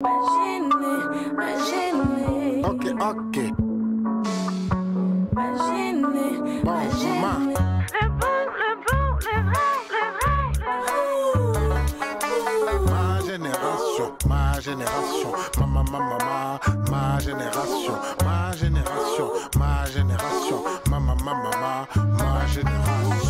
Imaginez, Ok, ok. Imaginez, bon, imaginez. Le bon, le bon, le vrai, le vrai, le vrai. Ma génération, ma génération, ma ma ma ma ma, ma génération, ma génération, ma génération, ma ma ma ma ma, ma génération.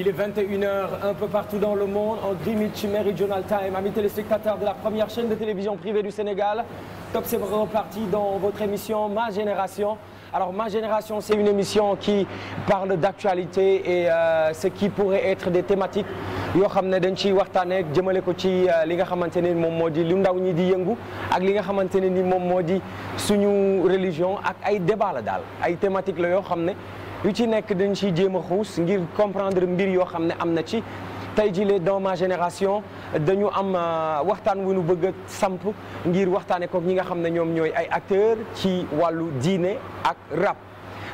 Il est 21h un peu partout dans le monde en Greenwich Meridional Time. Amis téléspectateurs de la première chaîne de télévision privée du Sénégal, Top c'est reparti dans votre émission Ma Génération. Alors Ma Génération, c'est une émission qui parle d'actualité et euh, ce qui pourrait être des thématiques yoo xam ne dañ ciy waxtaanee jëmale ko ci euh, li nga xamante ne moom moo di lu ndaw ñi di yëngu ak li nga xamante ne ni moom moo di suñu religion ak ay débat la daal ay thématiques la yoo xam ne yu ci nekk dañ ciy jéem a xuus ngir comprendre mbir yoo xam ne am na ci tey jii lee dans ma génération dañu am euh, waxtaan wu ñu bëgg a samp ngir waxtaanee ko ñi nga xam ne ñoom ñooy ay acteur ci wàllu diine ak rab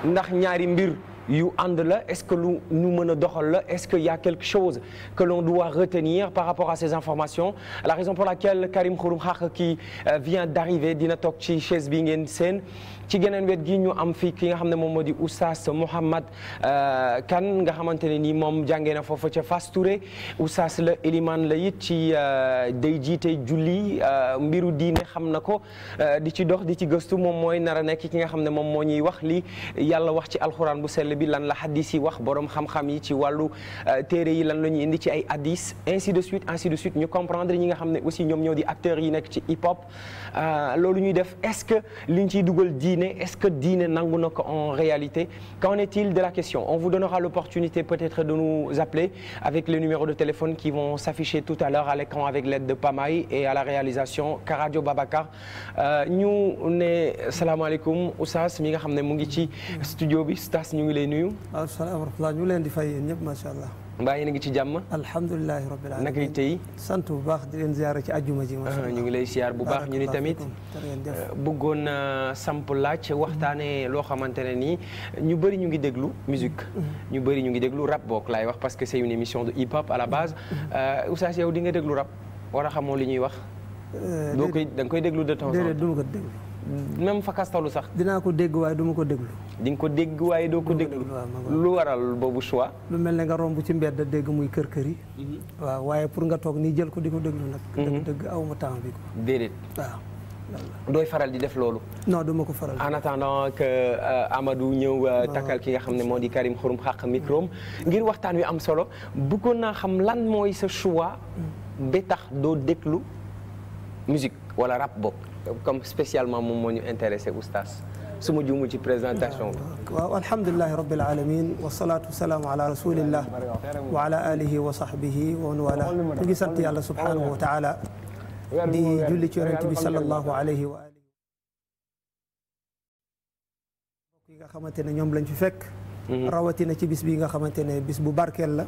ndax ñaari mbir yu ànd la est-ce que lu ñu mën a doxal la est-ce qu'il y a quelque chose que l'on doit retenir par rapport à ces informations la raison pour laquelle Karim Xurum Xaq qui euh, vient d'arriver dina toog ci chaise bi ngeen seen ci geneen wet gi ñu am fi ki nga xam ne moom moo di Oustaz Mouhamad euh, kan nga xamante ne ni moom jàngee na foofa ca Fass Touré la Eliman la it ci euh, day jiite julli euh, mbiru diine xam na ko di ci dox di ci gëstu moom mooy nara nekk ki nga xam ne moom moo ñuy wax li yàlla wax ci alxuraan bu sell bi lan la hadis yi wax borom xam-xam yi ci wàllu téere yi lan la ñuy indi ci ay hadis ainsi de suite ainsi de suite ñu comprendre ñi nga xam ne aussi ñoom ñoo di acteurs yi nekk ci hip Euh, loolu ñuy def est-ce que liñ ciy dugal diine est-ce que diine nangu na ko en réalité qu'en est-il de la question on vous donnera l'opportunité peut-être de nous appeler avec les numéros de téléphone qui vont s'afficher tout à l'heure à l'écran avec l'aide de Pamay et à la réalisation Karadio Babacar euh, ñu ne salaamaaleykum Oustaz mi nga xam ne mu ngi ci studio bi Oustaz ñu ngi lay nuyu. waaw salaamaaleykum ñu leen di fay ñëpp macha allah. mbaa yéen a ngi ci jàmm. alhamdulilah rabbil alamin naka tey. sant bu baax di leen ziyaara ci ajjuma ji. Ah, ñu ngi lay ziyaar bu baax ñu ni tamit. Euh, bëggoon na euh, samp laaj waxtaanee loo xamante ne nii ñu bëri ñu ngi déglu musique mm-hmm. ñu bëri ñu ngi déglu rab book laay wax parce que c'est une émission de hip hop à la base. Mm-hmm. Euh, Oustaz yow di nga déglu rab war a xamoo li ñuy wax. doo koy da koy déglu de temps en temps du ma déglu. même fa kastalu sax. dinaa ko dégg waaye du ko déglu. dinga ko dégg waaye doo ko déglu lu waral boobu choix. lu mel ni nga romb ci mbedd dégg muy kër kër yi. Mhm. waaw waaye pour nga toog nii jël ko di ko déglu nag. Mhm. dëgg dëgg aw ma temps bi ko. déedéet dooy faral di def loolu. non du ko faral en attendant que euh, Amadou ñëw euh, takkal ki nga xam ne moo di Karim Xurum xàq micro ngir waxtaan wi am solo bëggoon naa xam lan mooy sa choix. Mm. ba tax doo déglu musique wala rap bopp. comme spécialement moom moo ñu intéressé oustaz su ma juumu ci présentation bi. Ah, waaw alhamdulilahi rabbil alamin wasalaatu wasalaamu ala rasulillah wa ala alihi wa sahbihi wa man wala ñu ngi sant yàlla subhanahu wa taala di julli ci yonent bi sallallahu alayhi wa alihi mbokk yi nga xamante ne ñoom lañ fi fekk mhm. rawatina ci bis bi nga xamante ne bis bu barkeel la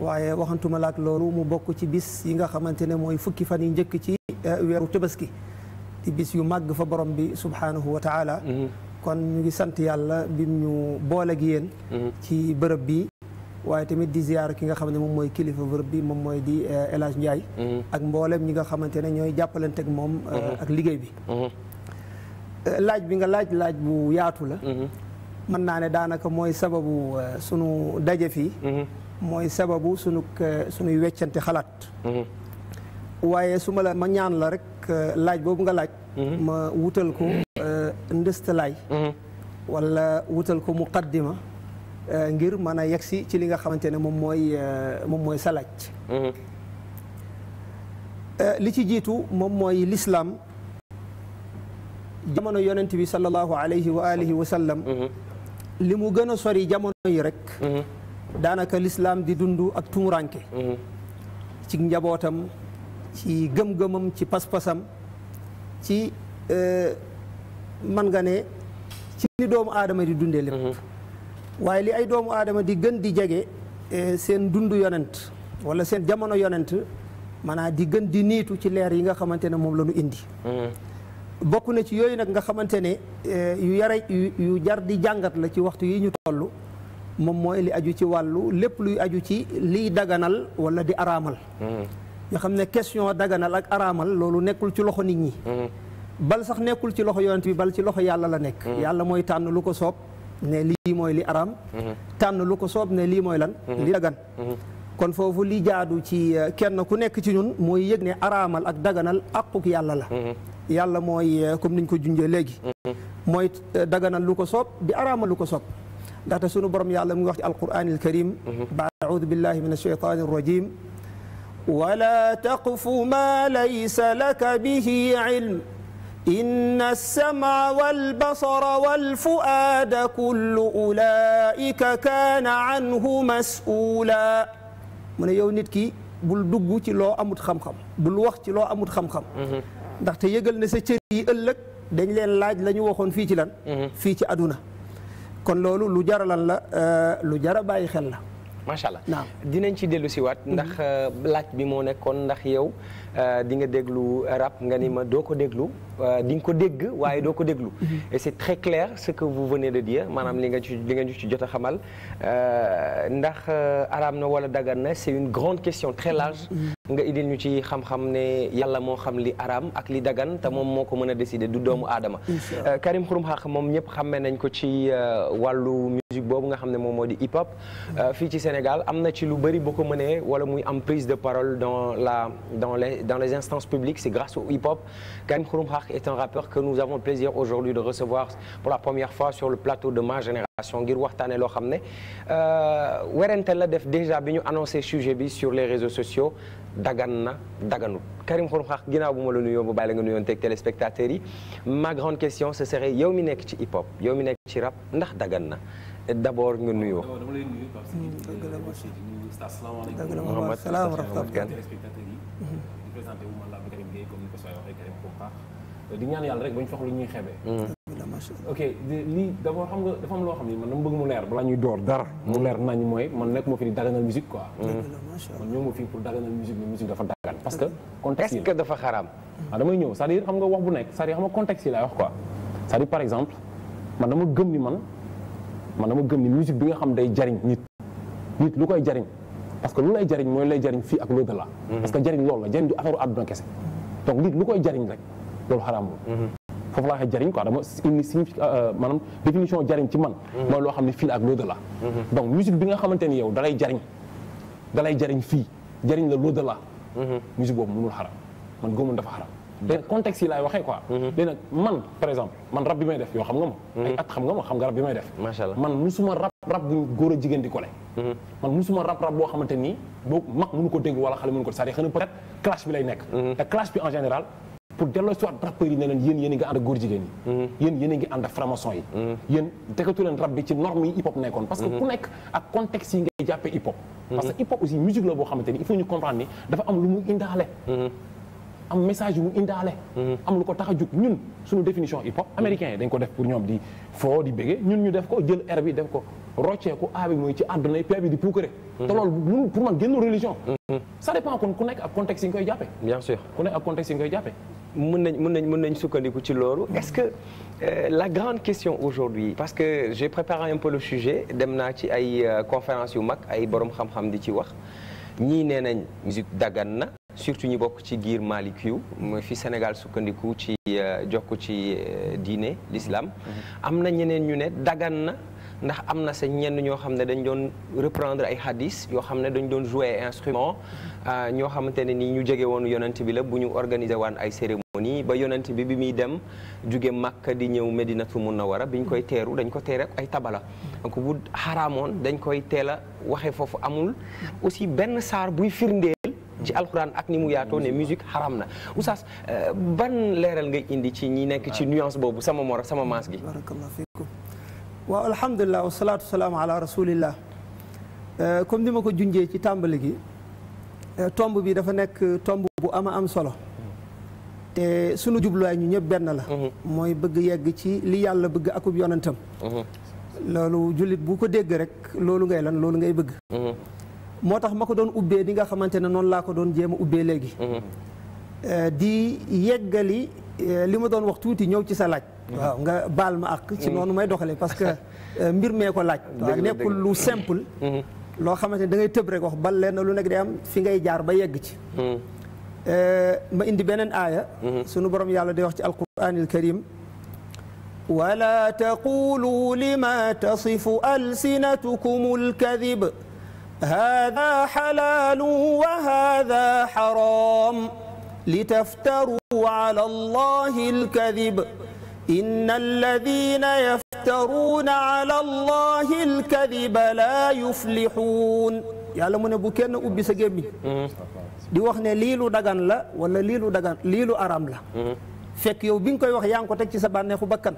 waaye waxantuma laak loolu mu bokk ci bis yi nga xamante ne mooy fukki fan yi njëkk ci eh, weeru tabaski di bis yu màgg fa borom bi subhaanahu wa taala mhm. kon ñu ngi sant yàlla bi ñu boole ak yéen mhm. ci bërëb bi waaye tamit di ziar ki nga xam ne moom mooy kilifa bërëb bi moom mooy di eh, El Hadj mhm. ak mboolem ñi nga xamante ne ñooy jàppalante moom eh, ak liggéey bi eh, laaj bi nga laaj laaj bu yaatu la mën naa ne daanaka mooy sababu sunu daje fii mooy sababu sunu sunuy weccante xalaat waaye su ma la ma ñaan la rek Euh, laaj boobu nga laaj mhm. ma wutal ko euh, ndëstalaay mhm. wala wutal ko muqaddima euh, ngir mën a yegsi ci li nga xamante ne moom mooy moom mooy sa laaj mhm. li ci jiitu moom mooy lislaam jamono yonent bi sallallahu alayhi wa li mu gën a sori jamono rek daanaka lislaam di dund ak tumuranke ci njabootam ci gëm-gëmam ci pas-pasam ci euh, man nga ne ci li doomu aadama di dundee lépp mhm. waaye li ay doomu aadama di gën di jege euh, seen dund yonent wala seen jamono yonent maanaam di gën di niitu ci leer yi nga xamante ne moom la ñu indi mhm. bokk na ci yooyu nag nga xamante ne euh, yu yara yu jar di jàngat la ci waxtu yi ñu toll moom mooy li aju ci wàllu lépp luy aju ci liy daganal wala di araamal mhm. nga xam ne question daganal ak araamal loolu nekkul ci loxo nit ñi mm-hmm. bal sax nekkul ci loxo yonent bi bal ci loxo yàlla la nekk mm-hmm. yàlla mooy tànn lu ko soob ne lii mooy li araam mm-hmm. tànn lu ko soob ne lii mooy lan li dagan kon foofu li jaadu ci uh, kenn ku nekk ci ñun mooy yëg ne araamal ak daganal aquk yàlla la yàlla mooy uh, comme niñ ko junjee léegi mooy uh, daganal lu ko soob di araamal lu ko soob ndaxte sunu borom yàlla mu ngi wax ci alquranil karim baaudu billahi min alshaytani arrajim ولا تقف ما ليس لك به علم إن السمع والبصر والفؤاد كل أولئك كان عنه مسؤولا mu ne yow nit ki bul dugg ci loo amut xam-xam bul wax ci loo amut xam-xam mm-hmm. ndaxte yëgal na sa cër yi ëllëg dañ leen laaj la ñu waxoon fii ci lan mm-hmm. fii ci àdduna kon loolu lu jara lan la euh, lu jara bàyyi xel la macha allah dinañ ci dellu siwaat ndax mhm. euh, laaj bi moo nekkoon ndax yow Euh, di nga déglu rap nga ni ma doo ko déglu euh, di nga ko dégg waaye doo ko déglu. et c'est très clair ce que vous venez de dire maanaam li nga ci li nga ñu ci jot a xamal euh, ndax araam na wala dagan na c'est une grande question très large. nga indi ñu ci xam-xam ne yàlla moo xam li araam ak li dagan te moom moo ko mën a décider du doomu aadama. Karim Xurum Xaq moom ñëpp xammee nañ ko ci wàllu musique boobu nga xam ne moom moo di hip hop. fii ci Sénégal am na ci lu bëri boo ko mënee wala muy am prise de parole dans la dans les instances publiques, c'est grâce au hip-hop. Karim Khouroum est un rappeur que nous avons le plaisir aujourd'hui de recevoir pour la première fois sur le plateau de ma génération ngir waxtaanee loo xam ne euh, werante la def déjà bi ñu annoncé sujet bi sur les réseaux sociaux dagan na daganut Karim Khouroum ginnaaw bu ma la nuyoo ba bàyyi la nga nuyoon teg téléspectateurs yi ma grande question ce serait yow mi nekk ci hip-hop yow mi nekk ci rap ndax dagan na d'abord nga nuyoo. dama lay nuyu Pape Sidi. présenté wu euh, di ñaan yàlla rek bañ fex lu ñuy xebee mm. ok lii d'abord xam nga dafa am loo xam ni man dama bëgg mu leer balaa ñuy door dara mu leer nañ mooy man nekk ma fi di daganal musique quoi mm. Mm. man ñëw ma fii pour daganal musique ni musique dafa dagan parce que contexte dafa xaraam waaw ah, damay ñëw c'est-à-dire xam wax bu nekk c'est-à-dire xam nga contexte laay wax ko cest à par exemple man dama gëm ni man man dama gëm ni musique bi nga xam day jariñ nit nit lu koy jariñ parce que lu lay jariñ mooy lay jariñ fii ak l'au-delà mhm. parce que jariñ loolu la jariñ du affaire àdduna kese donc nit lu koy jariñ rek loolu xaraamul mhm. foofu laa waxee jariñ quoi dama indi signifi euh, euh, maanaam définition jariñ ci man mhm. mooy loo xam ne fii la ak lau bi nga xamante ni yow dalay jariñ dalay jariñ fii jariñ la l'au-delà musique boobu mënul xaraam man góomun dafa xaraam léegi contexte yi laay waxee quoi léegi man par exemple man rab bi may def yoo xam nga ma at xam nga ma xam nga rab bi may def macha allah man musuma rab rab bu góor a jigéen di kole Mm-hmm. man musuma rap rap boo xamante nii boo mag mënu ko dégg wala xale mënu ko c'est-à-dire xëy na peut-être clash bi lay nekk mm-hmm. te clash bi en général pour delloo si waat rappeurs yi ne leen yéen yéen a ngi ànd ak góor jigéen yi mm-hmm. yéen yéen ngi ànd ak yi yéen dekatu leen rap bi ci norme yi hip hop nekkoon parce que ku nekk ak contexte yi ngay jàppee hip hop parce que hip hop aussi musique la boo xamante ni il faut ñu comprendre ni dafa am lu mu indaale am message yu mu indaale am lu ko tax a jug ñun suñu définition hip hop américain dañ ko def pour ñoom di foo di béggee ñun ñu def ko jël air bi def ko rocceeku A bi mooy ci àdduna yi P bi di puukare. Mhm. te loolu pour man génn religion. Mhm. ça dépend kon ku nekk ak contexte yi nga koy jàppee. bien sûr ku nekk ak contexte yi nga koy jàppee. mën nañ mën nañ mën nañ sukkandiku ci loolu mhm. est-ce que euh, la grande question aujourd'hui parce que j'ai préparé un peu le sujet dem naa ci ay euh, conférence yu mag ay borom xam-xam di ci wax ñii nee nañ musique dagan na surtout ñi bokk ci giir Malik mooy fi Sénégal sukkandiku ci euh, jokk ci diine l'islam am na ndax am na sa ñenn ñoo xam ne dañ doon reprendre ay hadis yoo xam ne dañu doon jouer instrument mm-hmm. ah, ñoo xamante ne nii ñu jege woon yonent bi la bu ñu organiser waan ay cérémonie ba yonent bi bi muy dem juge Makka di ñëw Medinatu na bi biñ koy teeru dañ ko teere ay tabala mm-hmm. donc bu xaraamoon dañ koy teel a waxee foofu amul mm-hmm. aussi benn saar buy firndeel ci alxuraan ak ni mu yaatoo ne musique xaram na oustaz euh, ban leeral nga indi ci ñi nekk ci nuance boobu sama mor sama maas waaw alhamdulilah wasalaatu salaam ala rasulillah eh, comme ni ma ko junjee ci tàmbali gi eh, tomb bi dafa nekk tomb bu am a am solo te sunu jubluwaay ñu ñëpp benn la mhm. mooy bëgg yegg ci li yàlla bëgg akub yonentam mhm. loolu jullit bu ko dégg rek loolu ngay lan loolu ngay bëgg mhm. moo tax ma ko doon ubbee di nga xamante ne noonu laa ko doon jéem a ubbee léegi eh, di yeggali Euh, li ma doon wax tuuti ñëw ci sa laaj. waaw nga baal ma ak ci mm. noonu may doxalee parce que euh, mbir mee ko laaj. waaw nekkul lu simple. Mm-hmm. loo xamante ni da ngay tëb rek wax bal lu nekk day fi ngay jaar ba yegg ci. Mm. Euh, ma indi beneen aaya. Mm-hmm. sunu borom yàlla day wax ci alquranil karim. wala taqulu lima tasifu alsinatukum alkadib. hada xalaalu wa hada لتفتروا على الله الكذب إن الذين يفترون على الله الكذب mu ne bu kenn ubbi sa gémmiñ di wax ne lii dagan la wala liilu dagan lii araam la fekk yow bi nga koy wax yaa ko teg ci sa bànneexu bakkan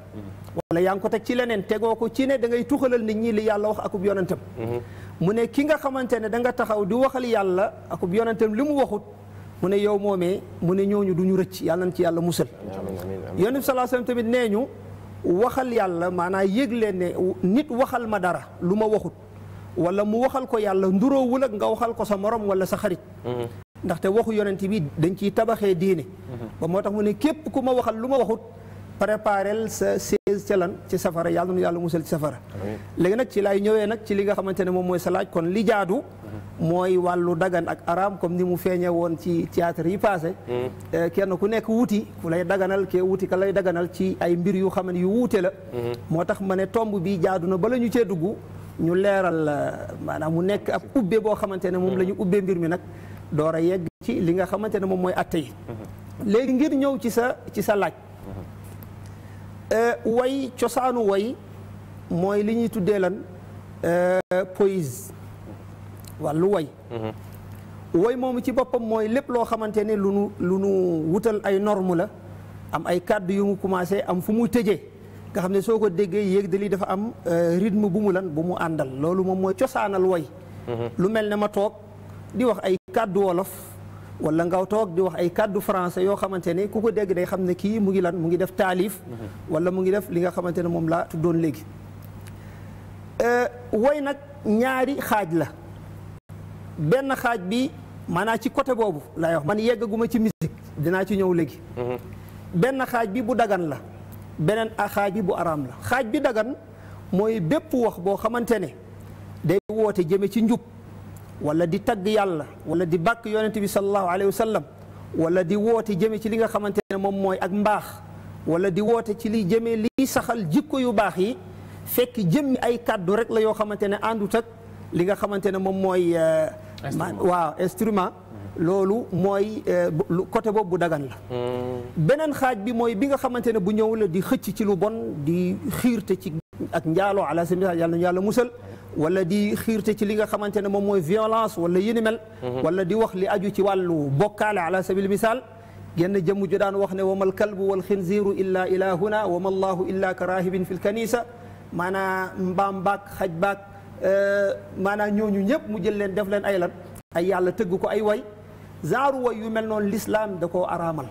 wala yaa ko teg ci leneen tegoo ko ci ne da ngay tuxalal nit ñi li yàlla wax akub yonentam mu ne ki nga xamante ne da taxaw di waxal yàlla akub yonentam li mu waxut mu ne yow moomee mu ne ñooñu du ñu rëcc yàlla nañ ci yàlla musal yonent bi sallallahu alayhi wa sallam tamit nee ñu waxal yàlla maanaa yëg leen ne nit waxal ma dara lu ma waxut wala mu waxal ko yàlla nduroowul ak nga waxal ko sa morom wala sa xarit mm-hmm. ndaxte waxu yonent bi dañ ciy tabaxee diine mm-hmm. ba moo tax mu ne képp ku ma waxal lu ma waxut préparel sa seize ca lan ci safara yàlla nañu yàlla musal ci safara léegi nag ci laay ñëwee nag ci li nga xamante ne moom mooy sa laaj kon li jaadu mooy wàllu dagan ak araam comme ni mu feeñe woon ci théâtre yi passé hmm. eh, kenn ku nekk wuti ku lay daganal ke wuti ka lay daganal ci ay mbir yu xam yu wuute la hmm. moo tax ma ne tomb bi jaadu na bala ñu cee dugg ñu leeral eh, maanaam mu nekk ab ubbe boo xamante ne moom la ñu hmm. ubbee mbir mi nag door a yegg ci li nga xamante ne moom mooy atte yi léegi ngir ñëw ci sa ci sa laaj eh, way cosaanu woy mooy li ñuy tuddee lan poésie wàllu woy mhm. way moom ci boppam mooy lépp loo xamante ne lu nu lu nu wutal ay norme la am ay kàddu yu mu commencé am fu mu tëjee nga xam ne soo ko déggee yéeg de lii dafa am euh, rythme bu mu lan bu mu àndal loolu moom mooy cosaanal woy mhm. lu mel ne ma toog di wax ay kàddu wolof walla ngaw toog di wax ay kàddu français yoo xamante ne ku ko dégg day xam ne kii mu ngi lan mu ngi def taalif mhm. wala mu ngi def li nga xamante ne moom laa doon léegi euh, woy nag ñaari xaaj la benn xaaj bi maanaa ci côté boobu lay wax man yeggaguma ci musique dinaa ci ñëw léegi mhm. benn xaaj bi bu dagan la beneen xaaj bi bu araam la xaaj bi dagan mooy bépp wax boo xamante ne day woote jëme ci njub wala di tagg yàlla wala di bàkk yonente bi salallahu wa sallam wala di woote jëme ci li nga xamante ne moom mooy ak mbaax wala di woote ci li jëme liy saxal jikko yu baax yi fekk jëmmi ay kàddu rek la yoo xamante ne àndut li nga xamante ne moom mooy euh, waaw instrument loolu mooy eh, côté boobu dagan la hmm. beneen xaaj bi mooy bi nga xamante ne bu ñëw la di xëcc ci lu bon di xiirte ci ak njaaloo ala seen yàlla nañu yàlla musal wala di xiirte ci li nga xamante ne moom mooy violence wala yéni mel hmm. wala di wax li aju ci wàllu bokkaale ala sabil misaal genn jëmm ju daan wax ne wa mal kalbu wal xinziru illa ilahuna wa ma allahu illa ka rahibin fi l kanisa maanaa mbaam baak xaj baak Euh, maanaam ñooñu ñëpp mu jël leen def leen ay lan ay yàlla tëgg ko ay way genre way yu mel noonu lislaam da koo araamal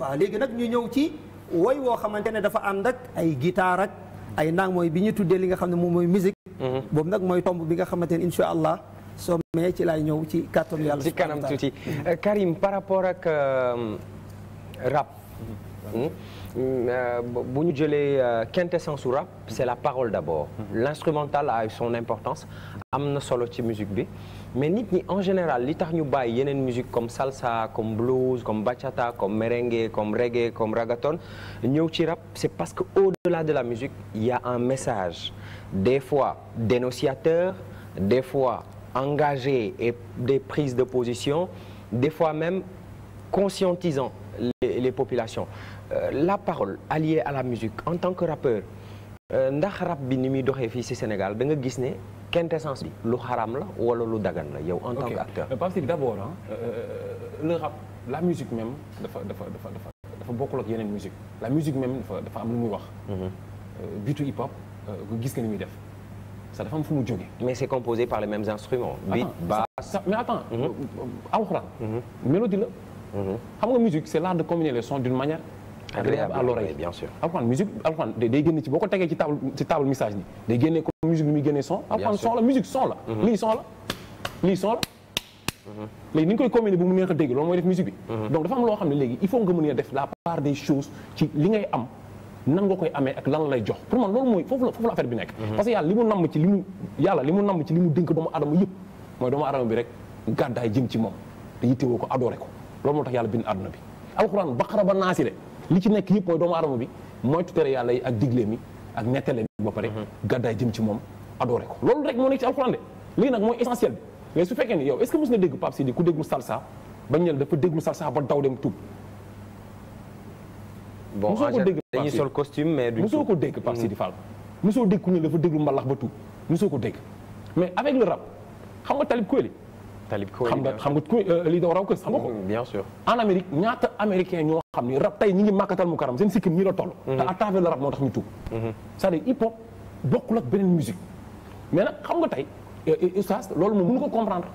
waaw léegi nag ñu ñëw ci way woo xamante ne dafa ànd ak ay guitare ak ay nang mooy bi ñu tuddee li nga xam ne moom mooy musique mm-hmm. boobu nag mooy tomb bi nga xamante ne insha allah soo mee ci laay ñëw ci kàttanu yàlla ci kanam ci mm-hmm. Karim par rapport ak euh, rap mm-hmm. hmm? Mm, euh, bu ñu jëlee quintessence euh, su rap c'est la parole d'abord mm-hmm. l'instrumental a son importance am na solo ci musique bi mais nit ñi en général li tax ñu bàyyi yeneen musique comme salsa comme blues comme bachata comme merengue comme reggae comme ragaton ñëw ci rap c'est parce que au-delà de la musique il y a un message des fois dénonciateur des fois engagé et des prises de position des fois même conscientisant les, les populations Euh, la parole alliée à la musique en tant que rappeur euh, ndax rap bi ni muy doxee fii ci Sénégal da nga gis ne quintessence bi lu xaram la wala lu dagan la yow en tant que acteur que d'abord euh, le rap la musique même dafa dafa dafa dafa dafa bokkul ak yeneen musique la musique même dafa dafa am lu muy wax mhm. bitu hip hop gis nga ni muy def ça dafa fu mu jógee mais c'est composé par les mêmes instruments beat basse mais attends mhm. alxuraan mhm. mélodie la xam nga musique c'est l'art de combiner les sons d'une manière agréable à l'oreille bien sûr alxuraan musique alxuraan day génne ci boo ko tegee ci table message bi day génne comme musique ni muy génne son alxuraan son la musique son la mhm. lii son la lii son la mhm. léegi ni nga koy combiner bu mu neex a dégg loolu mooy def musique bi mhm. donc dafa am loo xam ne léegi il faut nga mën a def la part des choses ci li ngay am nan koy amee ak lan lay jox pour man loolu mooy foofu la foofu la affaire bi nekk parce yàlla li mu namm ci li mu yàlla li mu namm ci li mu dénk doomu adama yëpp moom te yittewoo ko adoré ko loolu moo tax yàlla bind àdduna bi alxuraan baqara ba li ci nekk yëpp mooy doomu aadama bi mooy tutere yàlla yi ak digleem yi ak nettaleem yi ba pare mhm. gàddaay jëm ci moom adoré ko loolu rek moo nekk ci alxuraan de lii nag mooy essentiel bi mais su fekkee ni yow est-ce que mos nga dégg Pape Sidi ku déglu salsa bañ ñel dafa déglu salsa ba daw dem tuub bon mosoo ko dégg dañuy sol costume mais mosoo ko dégg Pape mm. Sidi Fall mosoo dégg ku ne dafa déglu mbalax ba tuub soo ko dégg mais avec le rap xam nga Talib Kweli Talib xam nga xam nga ku lii daw raw xam nga ko. Mm, en Amérique ñaata américain ñoo xam ni rab tey ñi ngi màkkatal mu seen sikkim ñi la toll. Mm-hmm. te à rab moo tax ñu tuub. Mm-hmm. c'est-à-dire bokkul ak beneen musique mais nag xam nga tey euh, euh, oustaz loolu moom mënu ko comprendre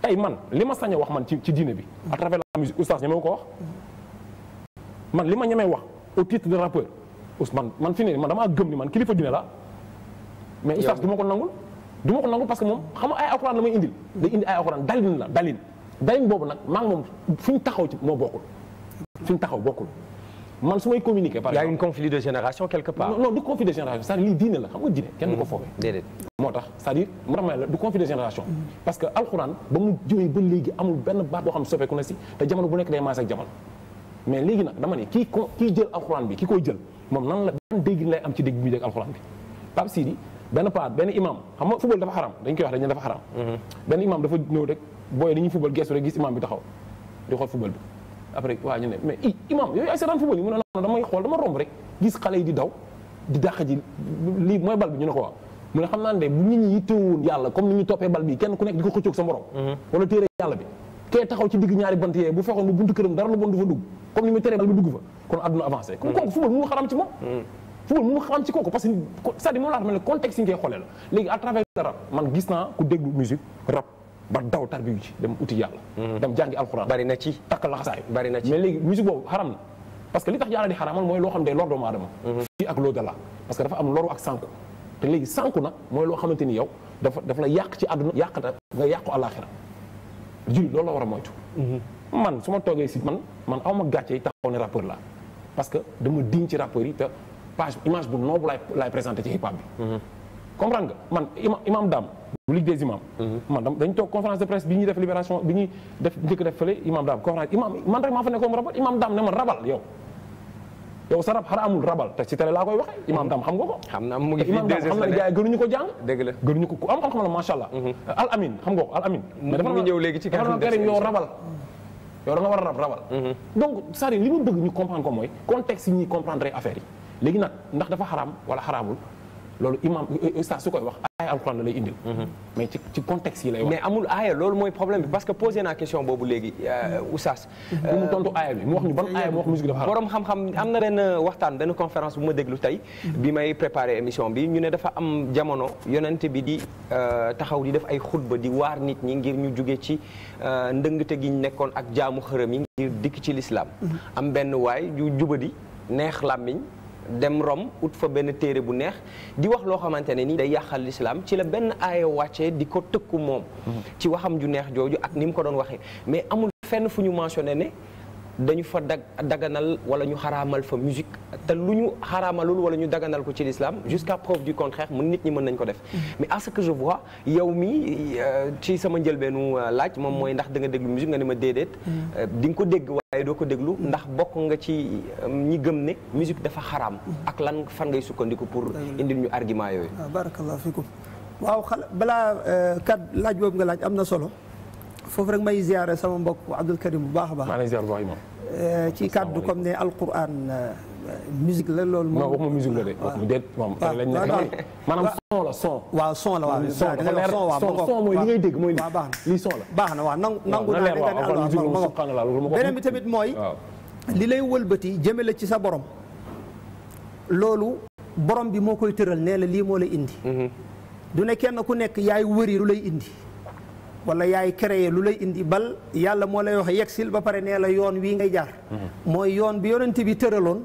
tey man li ma sañ wax man ci ci diine bi. à travers musique oustaz ñemewu ko wax. Mm-hmm. man li ma ñemee wax au titre de rappeur oustaz man man fi ne man damaa gëm ni man kilifa diine la mais oustaz du ma ko du ma ko nangu parce que moom xam nga ay alxuraan la may indil day indi ay alxuraan dalin la dalin dalin boobu nag maa moom fu ñu taxaw ci moo bokkul fi ñu taxaw bokkul man su may communiquer par exemple une conflit de génération quelque part. non non du conflit de génération kenn du ko mm. foofee déedéet moo tax c'est-à-dire mm. parce que alxuraan ba mu jógee ba léegi amul benn baat boo xam ne soppeeku na si te jamono bu nekk day maase ak jamono mais léegi nag dama ne kii kii jël alxuraan bi ki koy jël moom nan la ban dégg am ci dégg bi dégg alxuraan bi Pape benn paa benn imam xam nga football dafa xaram dañ koy wax dañu dafa xaram mhm. benn imam dafa ñëw rek booy dañuy football gestu rek gis imam bi taxaw di xool football bi i mu ne daw ji ñu ne ko waaw mu ne xam naa ne bu nit ñi yittewoon yàlla comme ni ñu toppee bal bi kenn ku nekk di ko xëccoog sa morom mhm. wala téere yàlla bi kee taxaw ci digg ñaari bant yee bu fexoon bu buntu këram dara lu bon du dugg comme ni muy teree bal bi dugg fa kon adduna avancé mhm. football mënu xam ci kooku parce que cest à moom laa xam contexte yi ngay xoolee la léegi à travers man gis naa ku déglu musique rap ba daw tarbiyu ci dem uti yàlla mhm. dem jàngi alxuraan bari na ci takk laxasaay bari na ci mais léegi musique boobu xaram na parce que li tax yàlla di xaraamal mooy loo xam ne lor doomu aadama mhm. fii ni yow dafa dafa la yàq ci a moytu mhm. man su ma toogee si man man aw ma gàcce taxaw ne rappeur la parce que dama diñ ci rappeur yi te page image bu noobu laay laay présenté ci hip hop bi. comprendre man imam imam bu Ligue des imams. man dañ toog conférence de presse bi ñuy def libération bi ñu def njëkk def fële imam Dame man rek maa fa nekkoon rabal imam Dame ne ma rabal yow. yow sa rab xanaa amul rabal te ci télé laa koy waxee imam Dame xam nga ko. xam naa mu ngi fi deux xam na gars yi gënuñu ko jàng. dëgg la gënuñu ko ku am xam-xam la macha allah. Mhm. al amin xam nga ko al amin. mais dafa ngi ñëw léegi ci yow rabal. yow mhm. ñu comprendre mooy contexte yi ñuy comprendre affaire yi léegi nag ndax dafa xaraam wala xaraamul loolu imam ustaas su koy wax aaya alxuraan la lay indil. Mhm. mais ci ci contexte yi lay wax. mais amul aaya loolu mooy problème bi parce que posé naa question boobu léegi euh, mhm. ustaas. bu mhm. mu tontu aaya bi mu wax ñu ban mu wax musique dafa borom xam-xam am na benn waxtaan benn conférence bu ma déglu tey. bi may préparer émission bi ñu ne dafa am jamono yonent bi di euh, taxaw di def ay xutba di waar nit ñi ngir ñu jóge ci euh, ndëngte gi ñu nekkoon ak jaamu xërëm yi ngir dikk ci lislaam am benn waay ju jubadi neex làmmiñ dem Rome ut fa benn téere bu neex di wax loo xamante ne ni day yàqal lislaam ci la benn aaya wàcce di ko tëkku moom mhm. ci waxam ju neex jooju ak ni mu ko doon waxee mais amul fenn fu ñu mentionné ne dañu fa dag daganal wala ñu xaraamal fa musique te lu ñu xaraamalul wala ñu daganal ko ci l'islam jusqu'à preuve du contraire mën nit ñi mën nañ ko def mm-hmm. mais à ce que je vois yow mi euh, ci sama njëlbeenu euh, laaj moom mooy ndax danga déglu musique nga ne ma déedéet mm-hmm. euh, di nga ko dégg waaye doo ko déglu mm-hmm. ndax bokk nga ci ñi gëm ne musique dafa xaraam ak lan fan ngay sukkandiku pour indil ñu argument yooyu ah, barakallahu fikum waaw xala balaa kat laaj boobu nga laaj am na solo foofu rek may ziyaare sama mbokk Abdul Karim bu baax baax. maa ngi lay ziyaar bu baax imam. Eh, ci kàddu comme ne alquran eh, la loolu. moom waxuma musique la de waxuma déet moom. Ah, maanaam son la son. waaw son la waaw son da ngay son waaw son son mooy li ngay dégg mooy li son la. baax na waaw nangu nangu naa ne nga ne allo allo ma tamit mooy. li lay wëlbati jëmale ci sa borom. loolu borom bi moo koy tëral nee la lii moo la indi. Mm-hmm. du ne kenn ku nekk yaay wëri lay indi. wala yaay créé lu lay indi bal yàlla moo lay waxee yegsil ba pare nee la yoon wii ngay jaar mhm. mooy yoon bi yonent bi tëraloon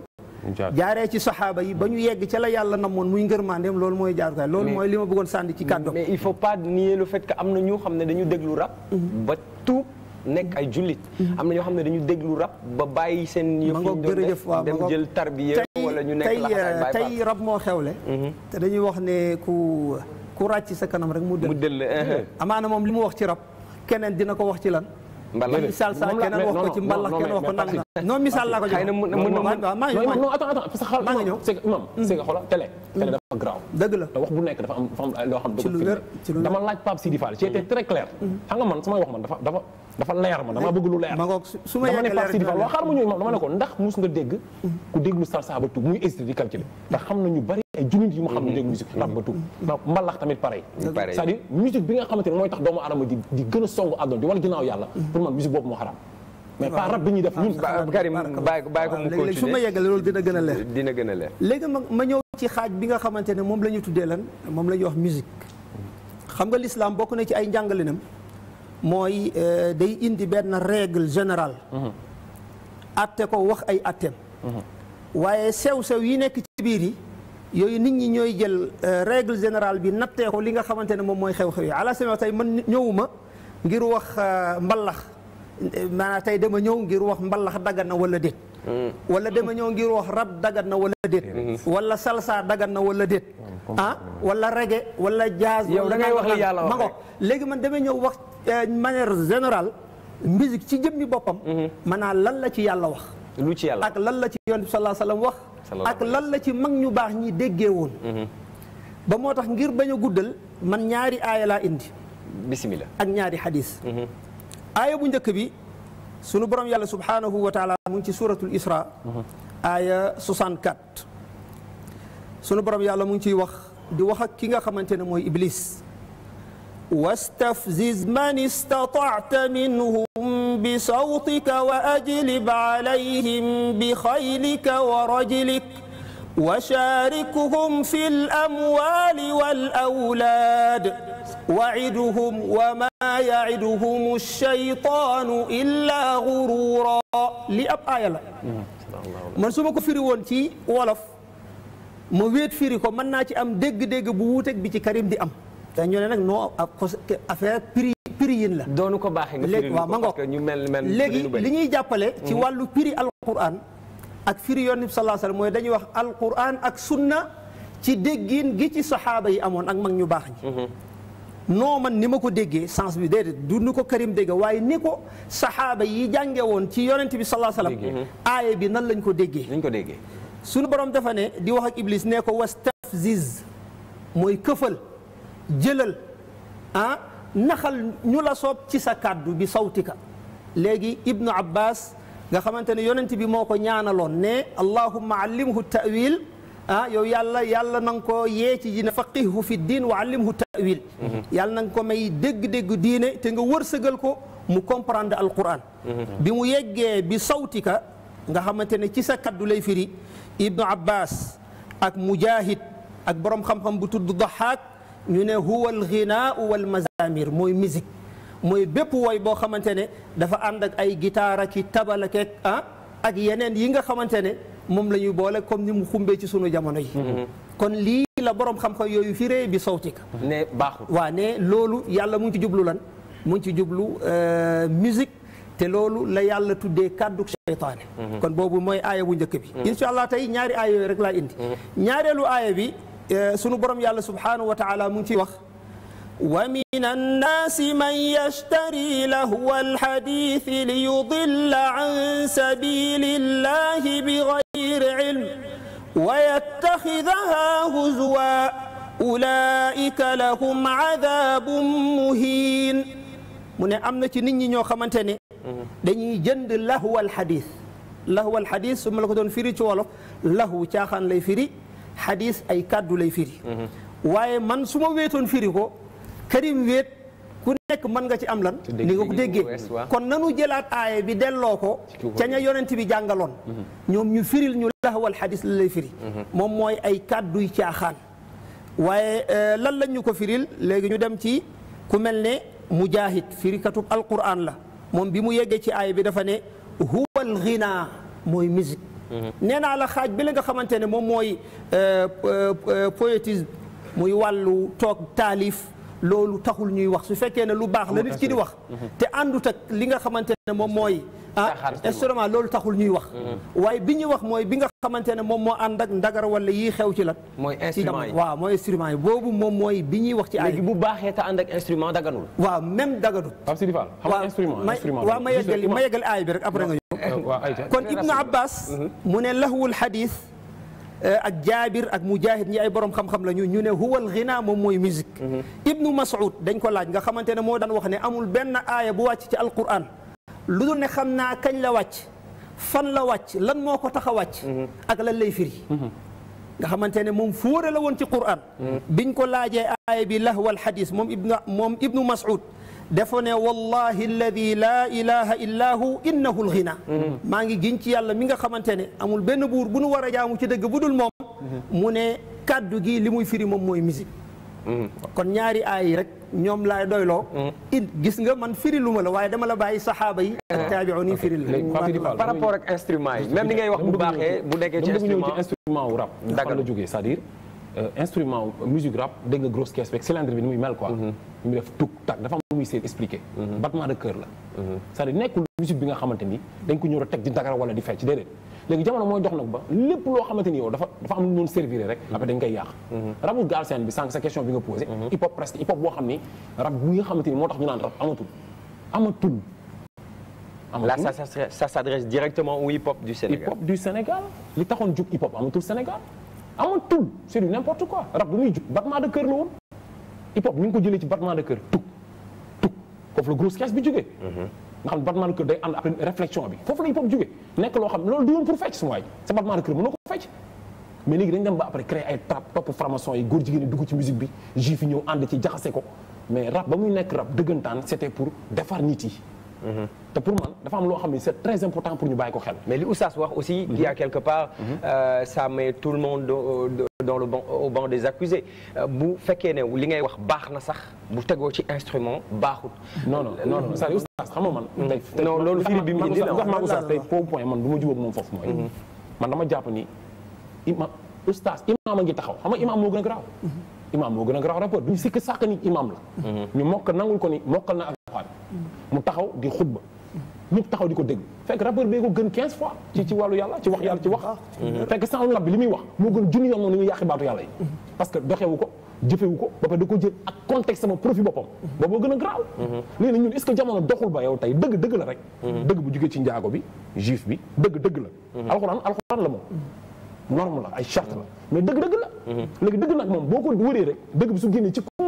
jaaree ci saxaaba yi ba ñu yegg ca la yàlla namoon muy ngërmandeem loolu mooy jaarukaay loolu mooy li ma bëggoon sànni ci kàddu mais il faut pas nier le fait que am na ñu xam ne dañu déglu rab mhm. ba tuub nekk ay jullit mhm. am na ñoo xam ne dañu déglu rab ba bàyyi seen yëf yi jërëjëf waaw dem jël tarbiya wala ñu nekk tey tey rab moo xewle te dañuy wax ne ku ku ràcc sa kanam rek mu dëll eh, eh. hmm. amaana moom li mu wax ci rab keneen dina ko wax ci lan mbalax misaal saa keneen wax ko ci mbalax keneen wax ko nang na non misaal laa ko jox maa maa ngi ñëw c'est que imam c'est que xoolal télé hmm. télé graaw dëgg la te wax bu nekk dafa am dafa am loo xam dama laaj Pape Sidi Fall j'étais hmm. très clair xam man samay wax man dafa dafa leer ma dama bëgg lu leer. ma su ma yàgg leer dama xaar ma ñëw moom dama ne ko ndax xam na ñu bari ay junni yi xam ne dégg mm-hmm. tamit pareil. cest à bi nga xamante ne mooy tax doomu a songu àdduna di wan ginnaaw yàlla. Mm-hmm. pour man musique boobu moo xaraam. mais pas rab bi ñuy def ñun. Karim bàyyi ko bàyyi ko mu continuer su a a leer léegi xaaj bi nga xamante ne la ñu tuddee lan moom la ñuy wax musique xam nga lislaam bokk na ci ay njàngalinam mooy euh, day indi benn règle générale mhm. atte ko wax ay atteem mhm. waaye sew-sew yi nekk ci biir yi yooyu nit ñi ñooy jël euh, règle générale bi nattee li nga xamante ne moom mooy xew-xew yi ala sami tey man ñëwuma ngir wax euh, mbalax maanaam tey dama ñëw ngir wax mbalax dagan na wala déet mm. wala dama ñëw ngir wax rab dagan na wala déet mm-hmm. Mm-hmm. wala salsa dagan na wala déet mm-hmm. ah wala reggae wala jazz yow da ngay wax li yàlla wax ma léegi man damay ñëw wax euh, manière générale musique ci jëmmi boppam maanaam lan la ci yàlla wax lu ci yàlla ak lan la ci yonent bi salaa sallam wax ak lan la ci mag ñu baax ñi déggee woon ba moo tax ngir bañ a guddal man ñaari aaya laa indi bismillah ak ñaari xadis aaya bu njëkk bi sunu borom yàlla subhaanahu wa taala mu ngi ci suratul isra aaya 64 sunu borom yàlla mu ngi ciy wax di wax ak ki nga xamante ne mooy iblis wastafziz man istata'ta minhum bi sawtika wa ajlib alayhim bi xaylika wa rajlik وشاركهم في الأموال والأولاد وعدهم وما ma yaiduhum alcheytaanu illa gurura li ab aaya la man su ko firi woon ci wolof ma wéet firi ko mën naa ci am dégg-dégg bu wuuteeg bi ci Karim di am te ñu ne nag non affaire prix prix yin la doonu ko baaxee nga léegi waaw ma ngoog léegi li ñuy jàppale ci mm-hmm. wàllu prix alquran ak firi yoon bi sallallahu alayhi wasallam mooy dañuy wax alquran ak sunna ci déggin gi ci saxaaba yi amoon ak man ñu baax ñi mm-hmm. non man ni ma ko déggee sens bi déedéet du ni ko Karim dégg waaye ni ko saxaaba yi jànge woon ci yonent bi sallallahu alayhi wasallam aaye bi nan lañ ko déggee lañ ko déggee suñu borom dafa ne di wax ak iblis ne ko was wastafziz mooy këfal jëlal ah naxal ñu la soob ci sa kàddu bi sawtika léegi ibnu abbas nga xamante ne yonent bi moo ko ñaanaloon ne allahumma allimhu tawil ah yow yàlla yàlla na ko yee ci dina faqihu fi diin wa allimhu tawil mhm. yàlla na ko may dégg-dégg diine te nga wërsëgal ko mu comprendre alquran mhm. bi mu yeggee bi sawtika nga xamante ne ci sa kaddu lay firi ibnu abbas ak mujahid ak borom xam-xam bu tudd dahaak ñu ne huwa alghinaau wal mazamir mooy musique mooy bépp woy boo xamante ne dafa ànd ak ay gitaar aki tabal ak ah, ak yeneen yi nga xamante ne moom la boole comme ni mu xumbee ci sunu jamono yi mhm. kon lii la borom xam-xam yooyu bi sawtika ne baaxul waaw loolu yàlla mu ngi ci jublu lan mu ngi ci jublu euh, musique te loolu la yàlla tuddee kàddu seytaane mhm. kon boobu mooy aaya bu njëkk bi mhm. insha allah tey ñaari aaya yooyu rek laa indi ñaareelu aaya bi euh, sunu borom yàlla subhanahu wa taala mu ngi ciy wax wa min annaasi man yashtari lahwa alxadiisi liyudilla an sabilillahi bi بغير علم ويتخذها هزوا أولئك لهم عذاب مهين mu ne am na ci nit ñi ñoo xamante ne dañuy jënd lahwal xadis lahwal xadis su ko doon firi ci wolof lahwu caaxaan lay firi ay kàddu lay firi mm-hmm. waaye man su ma firi ko Karim wéet ku nekk mën nga ci am lan ni nga ko déggee kon nanu jëlaat aaye bi delloo ko ca ña yonent bi jàngaloon mm-hmm. ñoom ñu firil ñu lahwal xadis la lay firi mm-hmm. moom mooy ay kàdduy caaxaan waaye eh, lan lañ ñu ko firil léegi ñu dem ci ku mel ne mujaahid firikatub alquran la moom bi mu yeggee ci aaya bi dafa ne huwal ghina mooy musique mm-hmm. nee la xaaj bi la nga xamante ne moom mooy eh, eh, poétisme muy wàllu toog taalif loolu taxul ñuy wax su fekkee ne lu baax la nit ki di wax te àndut ak li nga xamante ne moom mooy ah instrument loolu taxul ñuy wax mm-hmm. waaye bi ñuy wax mooy bi nga xamante ne moom ànd ak ndagar wala yii xew ci lan ci jamono waaw mooy instrument yi boobu moom mooy bi ñuy wax ci ay léegi bu baaxee te ànd ak instrument daganul waaw même daganul Pape Sidi Fall xam nga instrument ma yeggali ma yeggali aay bi rek après a ñëw kon Ibnu Abbas mm-hmm. mu ne lahwul hadith Euh, ak jaabir ak mujahid ñi ay borom xam-xam la ñu ñu ne huwal ghina moom mooy musique mhm. ibnu mas'ud dañ ko laaj nga xamante ne moo daan wax ne amul benn aaya bu wàcc ci alquran lu dul ne xam naa kañ la wàcc fan la wàcc lan moo ko taxa a wàcc mhm. ak lan lay firi mhm. nga xamante ne moom fóore la woon ci quran biñ ko laajee aaya bi lahwal hadis moom ibnu moom ibnu mas'ud dafa ne wallahi alladi laa ilaha illa hu innahu alghina mm-hmm. maa ngi giñ ci yàlla mi nga xamante ne amul benn buur bu nu war a jaamu ci dëgg bu dul moom mm-hmm. mu ne kàddu gi li muy firi moom mooy musique mm-hmm. kon ñaari aay yi rek ñoom laay doyloo it gis nga man firi lu ma la waaye dama la bàyyi saxaaba yi ak taabi'un yi firi la par rapport ak instrument yi même li ngay wax bu baaxee bu nekkee ci instrument wu rab daga la jógee c'est-à-dire Euh, instrument musique rap dégg nga grosse caisse beeg cylindre bi ni muy mel quoi. Mhm. mu def tuk tak dafa am lu muy seet mhm. mhm. bi nga xamante ni dañ ko ñëw a teg di dagara wala di fecc déedéet. léegi jamono mooy dox nag ba lépp loo xamante ni yow dafa dafa am lu ñu doon rek. après dañ koy yàq. rabu Galsen bi sànq sa question bi nga posé. hip hop boo xam ni rab bi nga xamante moo tax ñu naan rab amatul. amatul. amatul là ça ça ça s'adresse directement au hip hop du Sénégal. hip hop amoon tout c'est du n'importe quoi rab bu muy jug battement de cœur la hip hop ñu ko jëlee ci battement de kër tuk tuk foofu la grosse caisse bi jugee mm-hmm. nga xam ne battement de cœur day ànd après réflexion bi foofu la hip hop jugee nekk loo xam loolu du woon pour fecc su waay sa battement de cœur mënoo ko fecc mais léegi dañ dem ba après créer trap topp franc yi góor jigéen yi dugg ci musique bi juif yi ñëw ànd ci jaxase ko mais rap ba muy nekk rab dëggantaan c'était pour defar nit yi te pour man dafa am loo xam ne c'est très important pour ñu bàyyi ko xel. mais li Oustaz wax aussi. il y a quelque part. Mhm. Mhm. Euh, met tout le monde euh, dans le banc des accusés euh, bu fekkee ne li ngay wax baax na sax bu tegoo ci instrument baaxut. non non non non mm. loolu firi bi mu indi la wax ma Oustaz tey foofu point man du ma jubóog moom foofu mooy. Mm-hmm. man dama jàpp ni ima Oustaz imaam a ngi taxaw xam imaam moo gën a garaaw. Mm-hmm. imaam moo gën a garaaw rapport duñ sikk sàkk ni imaam la. Mm-hmm. ñu mokk na mu taxaw di xutba ko dégg fekk rappeur bee ko gën 15 fois ci ci wàllu yàlla ci wax yàlla ci wax fekk sans rab bi wax moo gën junni yoon noonu ni baatu yàlla yi parce que doxewu ko jëfewu ko ba pare da ko jël ak contexte sama profit boppam ba boo gën a graaw léegi nag ñun est-ce que jamono doxul ba yow tey dëgg dëgg la rek dëgg bu jugee ci njaago bi juif bi dëgg dëgg la alxuraan alxuraan la moom norme ay charte la mais dëgg dëgg la léegi dëgg nag moom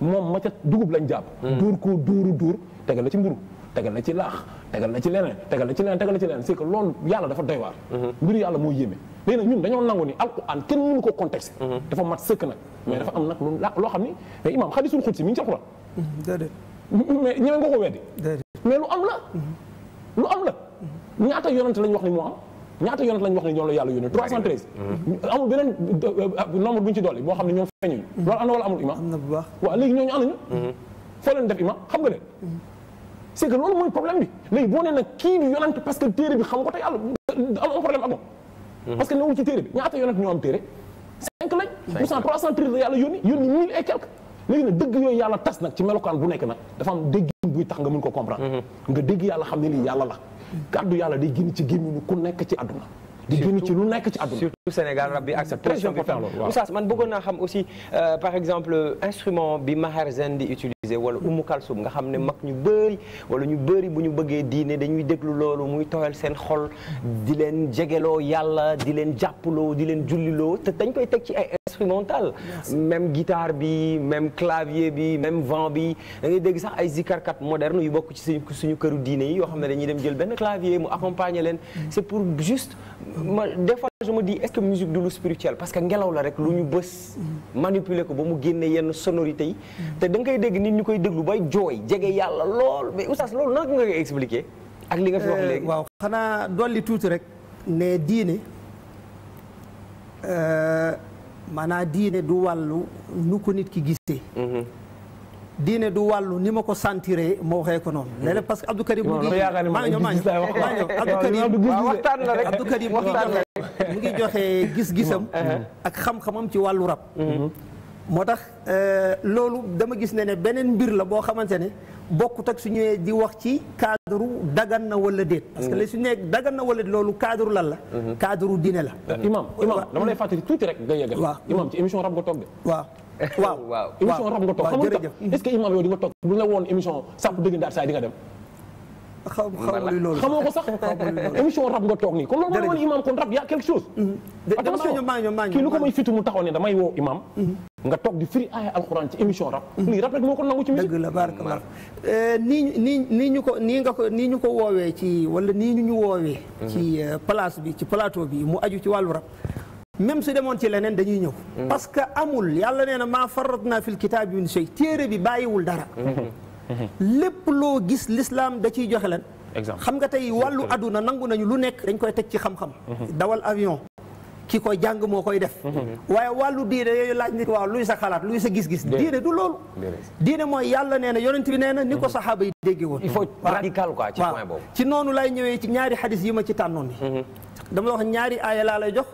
moom ma dugub lañ jàpp. Hmm. duur ko duuru duur tegal la ci mburu tegal la ci laax tegal la ci leneen tegal la ci leneen tegal la ci leneen c'est que loolu yàlla dafa doy waar. Hmm. mbiru yàlla moo yéeme. léegi na ñun dañoo nangu ni alquran kenn mënu ko contexte. Hmm. dafa mat sëkk nag. mais dafa am nag lu loo xam ni mais imaam xadisul xudsi mi ngi ci alquran. déedéet. mais ñeme nga ko weddi. mais lu am la. lu am la ñaata yonent lañ wax ni moo am. ñaata yonent lañ wax ne ñoom la yàlla yónnee 313. Mhm. amul beneen euh, euh, nombre bu ñu ci dolli boo xam ne ñoom feeñuñu. Mhm. loolu am na wala amul imam. am na bu baax waaw léegi ñooñu am nañu. Mhm. foo def imam xam nga leen. c' est que loolu mooy problème kii du yonent parce que téere bi xam ko te yàlla am problème ak moom. parce que ci téere bi ñaata yonent ñoo am téere. 5 lañ. la yàlla yónni yónni 1000 quelque. léegi nag dëgg yooyu yàlla tas nag ci melokaan bu nekk nag dafa am dégg buy tax nga mën ko comprendre. nga dégg yàlla xam ne lii yàlla la kàddu yàlla day génn ci gémmiñu ku nekk ci àdduna di génn ci lu nekk ci àdduna surtout Sénégal rab bi ak sa man bëggoon naa xam aussi euh, par exemple instrument bi Maherzen di utiliser wala Umu Kalsum nga xam ne mag ñu bëri wala ñu bëri bu ñu bëggee diine dañuy déglu loolu muy tooyal seen xol di leen jegeloo yàlla di leen jàppaloo di leen julliloo te dañ koy teg ci ay instrumental même guitare bi même clavier bi même vent bi da ngay dégg sax ay zikarkat moderne yu bokk ci suñu ñu këru diine yi yoo xam ne dañuy dem jël benn clavier mu accompagner leen mm. je me dis est-ce que musique du lu spirituel parce que ngelaw la rek lu ñu bës manipuler ko ba mu génnee yenn sonorités yi te da nga koy dégg nit ñu koy déglu bay jooy jege yàlla lool mais oustaz loolu naka nga koy expliquer ak li nga fi wax euh, léegi waaw xanaa dolli tuuti rek ne diine euh, maanaam diine du wàllu nu ko nit ki gisee mm-hmm. diine du wàllu ni ma ko sentiré ma waxee ko noonu léeg-léeg mm-hmm. parce que Abdou Karim mu ngi maa ngi ñëw maa ngi ñëw Abdou Karim mu joxe gis-gisam uh-huh. ak xam-xamam ci wàllu rab mm-hmm. moo tax euh, loolu dama gis ne ne beneen mbir la boo xamante ne bokkut ak su ñëwee di wax ci cadre daggan na wala déet parce que la mm-hmm. su nee dagan na wala déet loolu cadre lan la cadre diine la imam imam dama lay fàttali tuuti rek nga yeggal waaw imam ci émission rab nga toog de waaw waaw émission rab nga toog nga est-ce que imam yow di nga toog bu ñu la woon émission ma ko sax émission rab nga toog nii kon loolu mooy woon imam a quelque chose mm-hmm. attention kii lu ko may fitu mu taxaw ne damay woo imam mm-hmm. nga toog di firi aaya alxuraan ci émission rab mm-hmm. lii rab rek moo ko nangu eh, nii nii nii ñu ko nii nga ko nii ñu ko woowee ci wala nii ñu ñu woowee ci eh, palaas bi ci plateau bi mu aju ci wàllu rab même su demoon ci leneen dañuy ñëw. Mm-hmm. parce que amul yàlla nee na maa farat naa fil kitaab min shay téere bi bàyyiwul dara. Mm-hmm. lépp loo gis lislaam da ciy joxe lan. xam nga tey wàllu àdduna nangu nañu lu nekk. dañ koy teg ci xam-xam. Mm-hmm. dawal avion. ki koy jàng moo koy def waaye wàllu diine yooyu laaj nit waaw luy sa xalaat luy sa gis-gis diine du loolu diine mooy yàlla nee na yonent bi nee na ni ko saxaaba yi dégge woon il faut radical quoi ci point boobu ci noonu lay ñëwee ci ñaari xadis yi ma ci tànnoon yi laa lay jox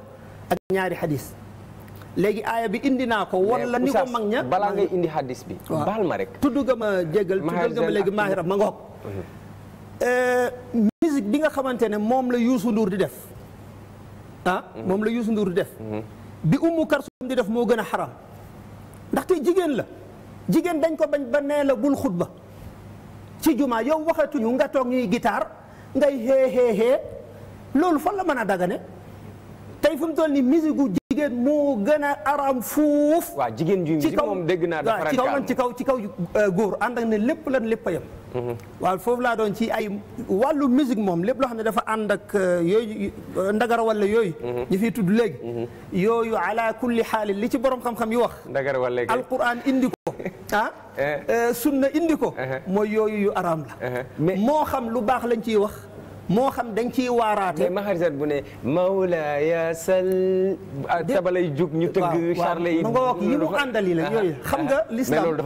ak ñaari xadis léegi aaya bi indi naa ko won la ni ko mag ña balaa ngay indi xadis bi baal ma rek tudd nga ma jéggal tudd nga ma léegi maahira ma ngoog mhm. euh, musique bi nga xamante ne moom la Youssou Ndour di def ah mhm. moom la yuusu Ndour di def mhm. bi Umu Kalsum di def moo gën a xaram ndaxte jigéen la jigéen dañ ko bañ ba nee la bul xutba ci jumaa yow waxatuñu nga toog ñuy gitaar ngay xee xee xee loolu foo la mën a dagane tey fu mu toll nii musique gu jigéen mu gën a araam fuuf. waaw jigéen ju musique moom dégg naa dafa ci kaw lan ci kaw ci kaw euh, góor ànd ak ne lépp lan lépp a yem. Mhm. waaw foofu laa doon ci ay wàllu musique moom lépp loo xam ne dafa ànd ak euh, yooyu euh, ndagara walla yooyu. Mhm. ñu fiy tudd léegi. Mhm. yooyu ala kulli xaalin li ci borom xam-xam yi wax. ndagara walla léegi alquran indi ko ah. Eh. sunna indi ko. Eh. mooy yooyu yu araam la. Eh. moo xam lu baax lañ ciy wax. moo xam dañ ci waaraate. mais bu ne Mawla ya sal. tabalay jug ñu tëgg. charles yi nga wax yi mu àndali la yooyu ah, xam nga. Ah, l'islam mais loolu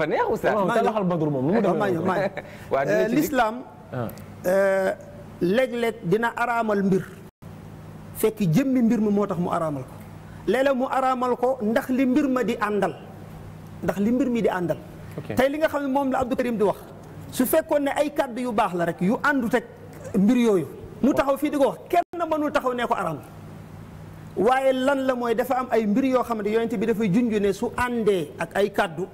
dafa dina araamal mbir. fekk jëmmi mbir mi moo tax mu araamal ko léeg mu araamal ko ndax li mbir ma di àndal ndax li mbir mi di àndal. tey li nga xam ne moom la Abdou Karim di wax su fekkoon ne ay kàddu yu baax la rek yu àndu teg mbir yooyu mu taxaw fii di ko wax kenn mënul taxaw nee ko araam waaye lan la mooy dafa am ay mbir yoo xam ne yonent bi dafay junj ne su àndee ak ay kàddu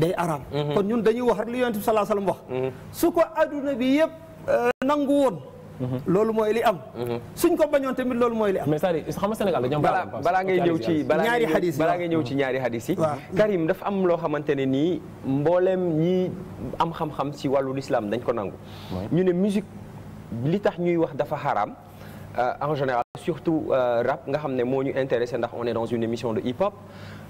day araam mhm. kon ñun dañuy wax rek li yonent bi sallallahu alayhi mhm. su ko adduna bi yëpp euh, nangu woon mhm. loolu mooy li am suñ ko bañoon tamit loolu mooy li am mais c'est-à-dire xam nga Sénégal dañu am balaa ngay ñëw ci ñaari xadis ngay ñëw ci ñaari xadis yi Karim dafa am loo xamante ne nii mbooleem ñi am xam-xam si wàllu lislaam dañ ko nangu ñu ne musique li tax ñuy wax dafa xaraam Euh, en général surtout euh, rap nga xam ne moo ñu intéressé ndax on est dans une émission de hip hop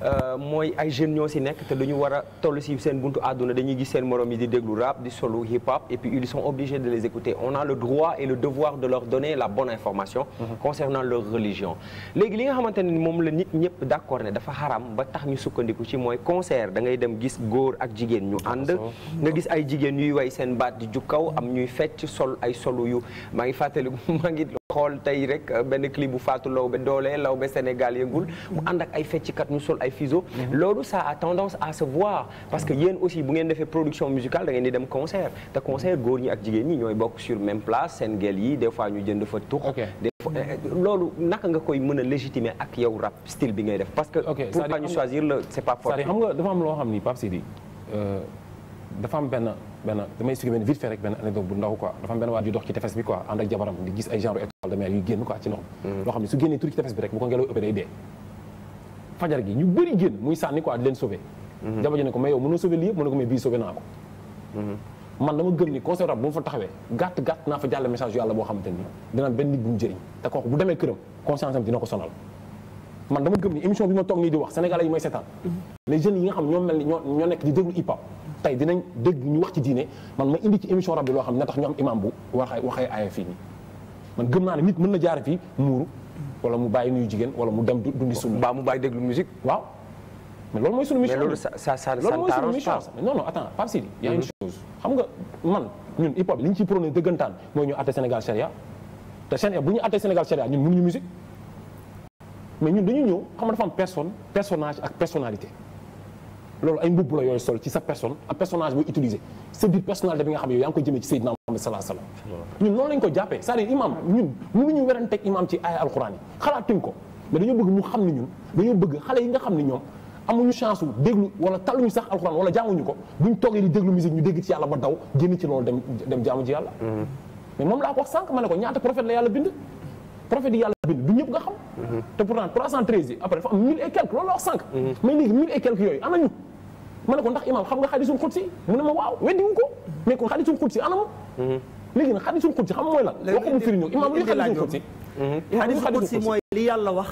euh, mooy ay jeunes ñoo si nekk te dañu war toll si seen buntu àdduna dañuy gis seen moroom yi di déglu rap di solo hip hop et puis ils sont obligés de les écouter on a le droit et le devoir de leur donner la bonne information mhm. concernant leur religion léegi li nga xamante ne moom la nit ñëpp d'accord ne dafa xaram ba tax ñu sukkandiku ci mooy concert da ngay dem gis góor ak jigéen ñu ànd nga gis ay jigéen ñuy way seen baat di jukkaw am ñuy fecc sol ay solu yu maa ngi fàttali xool tey rek euh, benn clip bu Fatou Lawbe doole Lawbe Sénégal yëngul mu ànd ak ay kat ñu sol ay fuseaux mhm. loolu ça a tendance à se voir parce que yéen aussi bu ngeen defee production musicale da ngeen di dem concert te concert góor ñi ak jigéen ñi ñooy bokk sur même place seen gel yi des fois ñu jënd fa tux euh, euh, loolu naka nga koy mën a légitimer ak yow rap style bi ngay def parce que pour pas ñu choisir le c'est pas fort xam nga dafa am loo xam n Pape dafa am benn benn damay expliqué benn vite fait rek benn anecdote bu ndaw quoi dafa am benn ak jabaram di gis ay genre étoile de yu génn quoi ci ndox hmm. loo gi sànni quoi di hmm. ko mais yow mënoo sauver lii yëpp mu ne ko mais bii sauver naa ko hmm. man dama gëm ni conseil rab bu ma fa taxawee gàtt gàtt naa fa ni dina benn nit bu mu jëriñ te kooku bu demee këram conscience am dina ko sonal bi ma toog nii wax sénégalais yi may seetaan les jeunes nekk di déglu hip hop tey dinañ dégg ñu wax ci diine man ma indi ci émission rab bi loo xam ne na tax ñu am imam bu waxee waxee aaya fii ne nit mën na jaar fii muuru wala mu bàyyi nuyu jigéen wala mu dem dundi sunna mbaa mu bàyyi déglu musique waaw mais loolu mooy sunu mission mais loolu ça ça ça loolu mooy sunu mission non non attends mhm. xam nga man ñun hip hop li ñu ciy prôné dëggantaan mooy ñu àtte Sénégal charia te charia bu ñu àtte Sénégal charia ñun ñu musique mais ñun dañu ñëw xam nga dafa am personne personnage ak personnalité loolu ay mbubb la yooyu sol ci sa personne ak personnage booy utiliser sa biir personnalité bi nga xam ne yaa ngi ko jëmee ci Seydina Muhammad sallallahu ñu weranteeg imam yi xam ne ñun nga xam ne ñoom amuñu chance wu déglu wala talluñu sax alquran wala jaamuñu ko buñ toogee di déglu musique ñu dégg ci yàlla ci loolu dem dem jaamu ci mhm. moom laa ko wax ne ko ñaata prophète la yàlla bind prophète yi yàlla bind du ñëpp nga xam te pourtant 313 yi après dafa am 1000 et loolu la wax sànq. mais léegi 1000 et yooyu ana ñu. ma ko ndax imam xam nga xadisul xudsi mu ne ma waaw weddi wu ko mais kon xadisul xudsi ana xam nga mooy mooy li yàlla wax.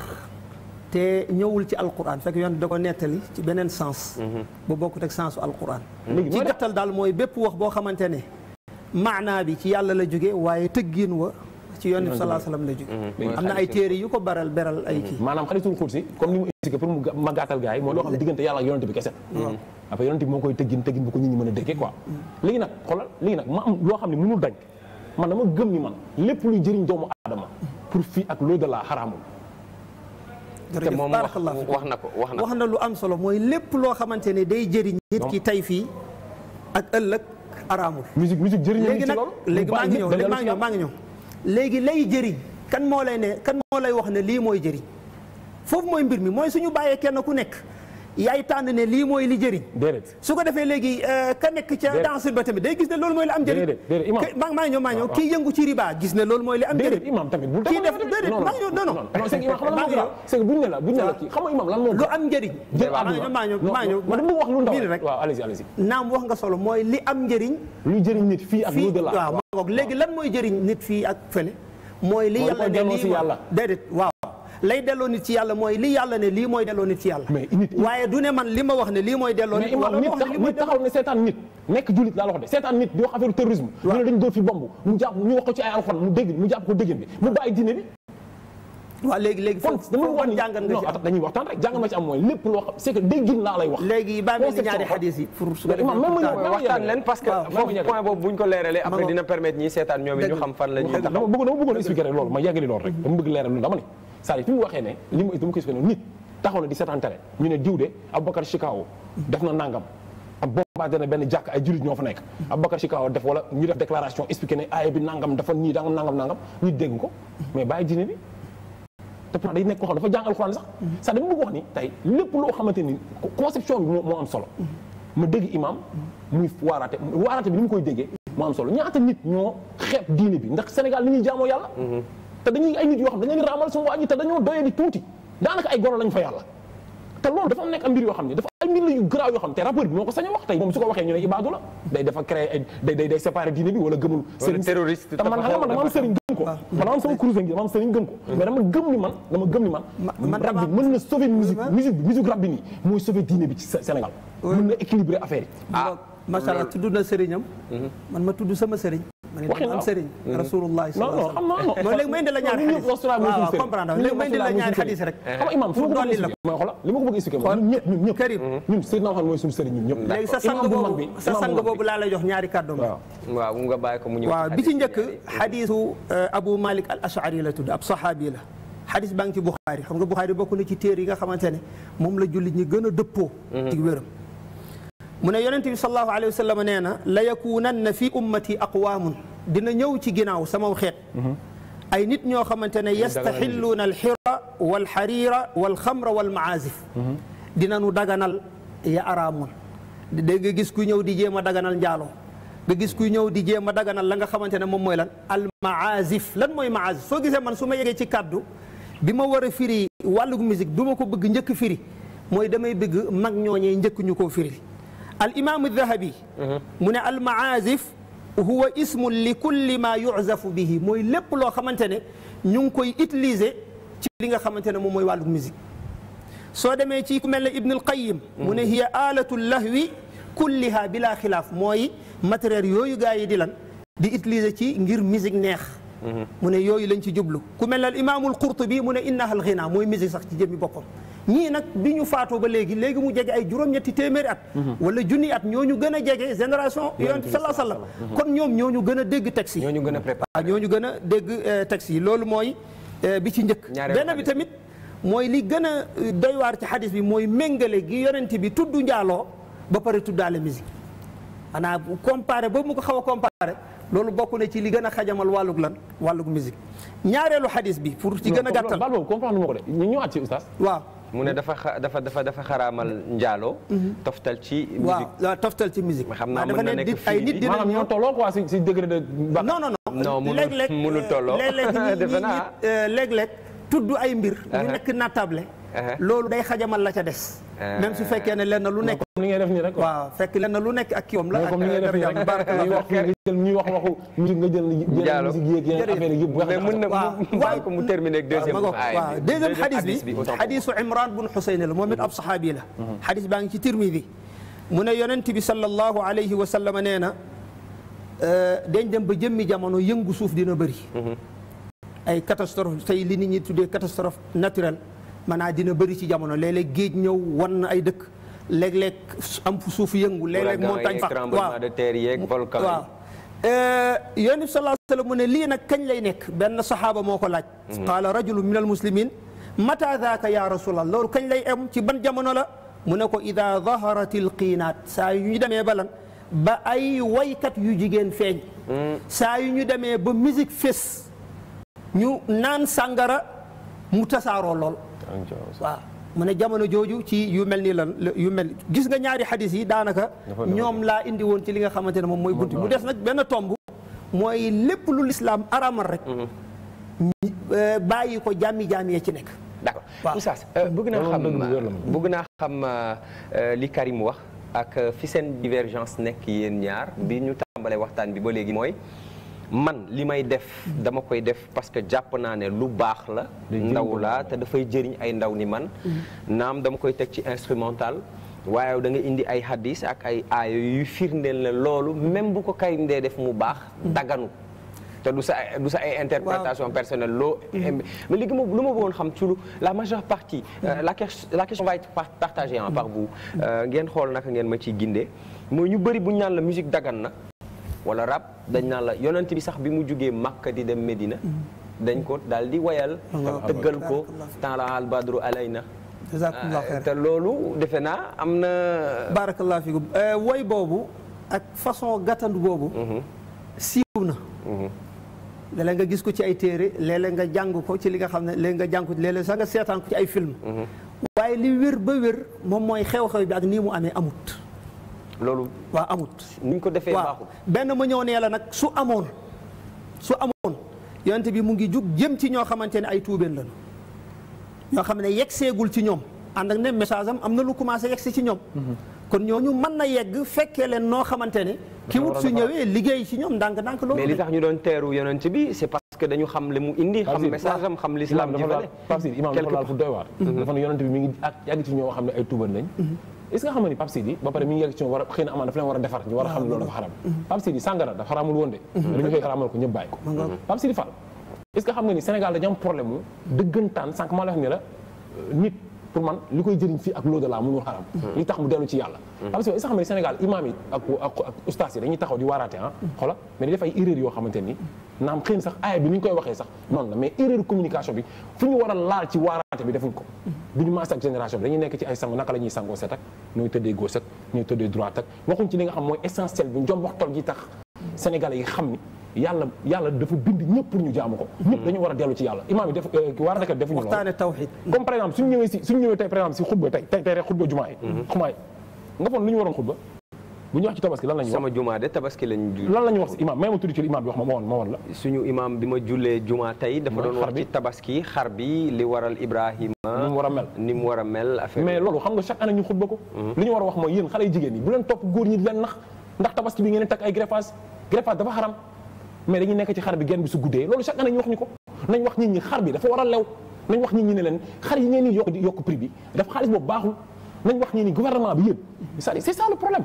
te ñëwul ci alquran fekk yoon da ko nettali ci beneen sens. bu bokkut ak sensu alquran. ci gàttal daal mooy bépp wax boo xamante ne. maanaa bi ci yàlla la jóge waaye tëggin wa. ci yoon bi sallallahu la jóge mhm. am na ay téere yu ko baral beral ay kii mhm. maanaam xadiisul xudsi comme ni mu expliqué pour mu ma mhm. koy tëggin tëggin bu ko nit ñi mën a déggee nag xoolal loo xam ne mënul dañ man dama gëm man lépp luy jëriñ doomu aadama pour fii ak loolu de la xaraamul te moom wax na ko wax na wax na lu am solo mooy lépp loo xamante ne day jëriñ nit ki tey fii ak ëllëg araamul musique musique jëriñ léegi léegi maa ngi maa ngi ñëw maa ngi ñëw léegi lay jëriñ kan moo lay ne kan moo lay wax ne lii mooy jëriñ foofu mooy mbir mi mooy suñu bàyyee kenn ku nekk yaay tànn ne lii mooy li jëriñ su ko defee léegi euh, ka nekk ca dansul ba tamit day gis ne loolu mooy li am jëriñ kii yëngu ne loolu mooy li am jëriñ imam tamit bu kii def déedéet maa ñëw non non c'est que buñ ne la lan naam wax nga solo mooy li am njëriñ lu jëriñ nit fii ak lu de la waaw waaw lay delloo nit ci yàlla mooy li yàlla ne lii mooy delloo nit ci yàlla waaye du ne man li ma wax ne lii mooy delloo nit wala nit taxaw ne seetaan nit nekk jullit laa la wax de seetaan nit di wax affaire terrorisme ñu ne dañ dóor fi bomb mu jàpp ñu wax ko ci ay alxon mu dégg mu jàpp ko déggéen bi mu bàyyi diine bi waaw léegi léegi kon dama wax ni jàngat nga ci am dañuy waxtaan rek jàngat ma ci am mooy lépp loo xam c'est que déggin laa lay wax léegi baa mel ni ñaari xadis yi pour su waxtaan leen parce que foofu point boobu buñ ko leeralee après dina permettre ñi seetaan ñoom it ñu xam fan la ñuy taxaw dama bëggoon dama bëggoon expliquer rek loolu ma yàggali loolu rek dama bëgg leeral loolu dama ne cest à fi mu waxee ne li mu dama ko expliqué nit taxaw na di seetaan télé ñu ne diw de Aboubacar Chikao def na nangam am bombardé na benn jàkk ay jullit ñoo fa nekk Aboubacar Chikao def wala ñu def déclaration expliqué ne aaya bi nangam dafa nii dangam nangam nangam nit dégg ko mais bàyyi diine bi te pourtant day nekk ko xam dafa jàng alxuraan sax sax dama bëgg wax nii tey lépp loo xamante ni conception bi moo am solo ma dégg imam muy waaraate waaraate bi ni koy déggee moo am solo ñaata nit ñoo xeeb diine bi ndax Sénégal li ñuy yàlla mm-hmm. te dañuy ay nit yoo xam dañu leen raamal suñu waa ji dañoo doyee tuuti daanaka ay goro lañ fa yàlla te loolu dafa am nekk am yoo xam ne dafa ay mbir yu garaaw yoo xam te rapport bi moo ko sañ a wax moom su ko waxee ñu ne ibaadu day dafa créé ay day day day man xam nga dama am sëriñ ko man dama am sëriñ gëm ko ah. mm. dama gëm ni man dama gëm ni man rab bi mën na sauver musique nii mooy sauver diine Sénégal mën na équilibrer affaire macha allah tudd na sëriñam. Mhm. man ma tudd sama sëriñ. waxi am sëriñ. Mhm. rasulullah sallallahu alayhi wa sallam. non léegi may indi la ñaari xadis waaw comprendre léegi may indi la ñaari xadis ma ko bëgg expliqué mooy ñun ñëpp ñun ñëpp. Karim mhm. ñun Seydina Muhammad sëriñ ñun ñëpp. sa sang boobu laa lay jox ñaari kàddoom. waaw waaw mu nga bàyyi ko mu ñëw. waaw bi ci njëkk xadisu eh, Abu Malik al Ashari la tudd ab saxaabi la. xadis baa ngi ci Buxaari xam nga Buxaari bokk na ci téer yi nga xamante ne moom la jullit ñi gën a dëppoo ci wéram mu ne yonent bi sallallahu alayhi wa sallam nee na la yakunanna fi ummati aqwaamun dina ñëw ci ginnaaw sama xeet mm-hmm. ay nit ñoo xamante ne yastaxilluuna alxira walxariira walxamra walmaazif mm-hmm. dina nu daganal ya araamoon gis ku ñëw di jéem a daganal njaaloo nga gis ku ñëw di jéem a daganal la nga xamante ne moom mooy lan almaazif lan mooy maazif soo gisee man su ma yegee ci kàddu bi ma war a firi wàllug musique du ma ko bëgg njëkk firi mooy damay bëgg mag ñooñee njëkk ñu koo firi al imaamu dahabi mu ne al maazif huwa ismun li kulli ma yuzafu bihi mooy lépp loo xamante ne ñu ngi koy utiliser ci li nga xamante ne moom mooy wàllu musique soo demee ci ku mel ne ibnul qayim mu ne hiya alatu lahwi kulliha bila xilaaf mooy matériel yooyu gaa yi di lan di utiliser ci ngir musique neex mhm. mu ne yooyu lañ ci jublu ku mel ne al imaamul qurtubi mu ne innaha al ghina mooy musique sax ci jëmmi boppam ñii nag bi ñu faatoo ba léegi léegi mu jege ay juróom-ñetti téeméeri at mhm. wala junni at ñu gën a jege génération yonent sallallahu alayhi kon ñoom ñoo ñu gën a dégg texte yi ñooñu gën a préparé ñooñu gën a dégg euh, texte yi loolu mooy euh, bi ci njëkk benn bi tamit mooy li gën a euh, doy ci xadis bi mooy méngale gi yonent bi tudd njaaloo ba pare tuddaale musique xanaa comparé ba mu ko xaw a comparé loolu bokk na ci li gën a xajamal wàllug lan wàllug musique ñaareelu xadis bi pour ci gën a gàttal baal boobu comprendre ma mu ne dafa xa dafa dafa dafa xaraamal njaalo. Mhm. toftal ci musique waaw waaw toftal ci musique. xam naa ne na nekk fii bi maanaam ñoo tolloo quoi si si degré de. non non non léeg-léeg euh, léeg-léeg euh, léeg-léeg tudd ay mbir. ñu nekk naatable. loolu day xajamal la ca des. même su fekkee ne lenn lu nekk. comme ni ngeen rek waaw fekk lenn lu nekk ak kiwam la. ak dara barke la wax ñuy wax waxu. musique nga jël jël musique yeeg yeneen affaire yëpp. mais mën na mu bàyyi ko mu terminer ak deuxième. xadis bi xadisu Imran bun Xuseyn la moom it ab saxaabi la. Mhm. xadis baa mu ne yonent bi sallallahu alayhi wa sallam nee na euh, dañ dem ba jëmmi jamono yëngu suuf dina bëri. Mhm. ay catastrophe tey li ni ñi tuddee catastrophe naturelle maanaam dina bëri ci jamono léeg géej ñëw wan na ay dëkk léeg am fu suuf yëngu léeg-léeg montagne fa tremblement de terre yeeg volcan waaw eh, yonent nag kañ lay nekk benn saxaaba moo ko laaj mhm. qaala rajulun min al muslimin mata daaka ya rasulallah loolu kañ lay am ci ban jamono la mu ne ko ida zaharat al qinaat saa yu ñu demee balan ba ay waykat yu jigéen feeñ mhm. saa yu ñu demee ba musique fés ñu naan sàngara mu tasaaroo lool waaw mu ne jamono jooju ci yu mel ni lan yu mel gis nga ñaari xadis yi daanaka ñoom laa indi woon ci li nga xamante ne moom mooy bunti mu des nag benn tomb mooy lépp lu lislaam aramal rek mm-hmm. euh, bàyyi ko jaami-jaami ci nekk d'accord Oustaz euh, bëgg naa xam bëgg naa xam li Karim wax ak euh, fi seen divergence nekk yéen ñaar bi ñu tàmbalee waxtaan bi ba léegi mooy man li may def dama koy def parce que jàpp naa ne lu baax la ndaw laa te dafay jëriñ ay ndaw ni man mm-hmm. naam dama koy teg ci instrumental waaye da nga indi ay hadis ak ay aayo yuy firndeel ne loolu même bu ko Karim dee def mu baax mm-hmm. daganu te du sa du sa ay interprétation personnelle loo mm-hmm. mais léegi lu ma bëggoon xam ci lu la majeure partie euh, la question la question va être partagée en par vous euh, ngeen xool naka ngeen ma ci gindee mooy ñu bëri bu ñu naan la musique dagan na wala rab dañ naa la yonent bi sax bi mu jugee Makka di dem Medina. Mm-hmm. dañ ko daal di wayal. tëggal ko taala al badru alayna ah, na xeer te loolu defe naa am na. barakallah fikum euh, woy boobu ak façon gàttandu boobu. Mm-hmm. siiw na. Mm-hmm. léeg nga gis ko ci ay téere léeg-léeg nga jàng ko ci li nga xam ne léeg nga jàng ko léeg-léeg sax nga seetaan ko ci ay film waaye li wér ba wér moom mooy xew-xew bi ak nii mu amee amut. loolu waa amut ni ko defee baaxul benn ma ñëw nee la nag su amoon su amoon yonent bi mu ngi jug jëm ci ñoo xamante ne ay tuubeen lañu ñoo ne yegg seegul ci ñoom ànd ak ne message am am na lu commencé yegg si ci ñoom mhm. kon ñooñu mën na yegg fekkee leen noo xamante ne ki su ñëwee liggéey ci ñoom ndànk-ndànk loolu mais li tax ñu doon teeru yonent bi c'est parce que dañu xam li mu indi xam message am xam l'islam jëfale Tafsir imam dafa laal fu doy waar mhm. dafa yonent bi mi ngi ak yàgg ci ñoo xam ne ay tuubeen lañ mhm. est-ce que nga ba pare mi ngi yegg ci war a xëy na dafa leen war a defar ñu war a xam loolu dafa xaram Pape sàngara dafa xaramul woon de mhm. dañu koy xaramal ko ñëpp ko Pape Sidi Fall est-ce Sénégal dañu la wax ni la euh, nit mhm. mhm. taxaw di waaraate ah xoola mais def ay erreur yoo xamante ni naam xëy na sax aaya bi ni ñu koy waxee sax noonu la mais erreur communication bi fu ñu war a laal ci waara santé bi defuñ ko bu ñu maas ak génération bi dañuy nekk ci ay sango naka la sangoo set ak nooy tëddee gauche ak nooy tëddee droite ak waxuñ ci li nga xam mooy essentiel bi njomboxtal gi tax sénégalais yi xam ni yàlla yàlla dafa bind ñëpp pour ñu jaamu ko ñëpp dañu war a dellu ci yàlla imaam yi def euh, war a defuñu waxtaane comme par exemple suñu ñëwee si suñu ñëwee tey par exemple si xutba tey tey rek xutba jumaa yi xumaay mhm. nga foon lu waroon xutba bu ñu wax ci tabaski lan la ñu wax sama jumaa de tabaski lañ lan la ñu wax si imaam may ma tudd ci imaam bi wax ma ma woon suñu imaam bi ma jullee jumaa tey dafa doon wax ci tabaski xar bi li waral Ibrahima ni mu war a mel ni mu war a mel affaire mais loolu xam nga chaque année ñu xutba ko hmm. li ñu war a wax mooy yéen xale yu jigéen yi bu leen topp góor ñi di leen nax ndax tabaski bi ngeen takk ay greffage greffage dafa xaram mais dañuy nekk ci xar bi genn bi su guddee loolu chaque année ñu wax ñu ko nañ wax a lew wax nit ñi ne leen xar yi ngeen di yokk di yokk prix bi dafa xaalis baaxul nañ wax ñi ni gouvernement bi yéen c'est-à-dire c'est problème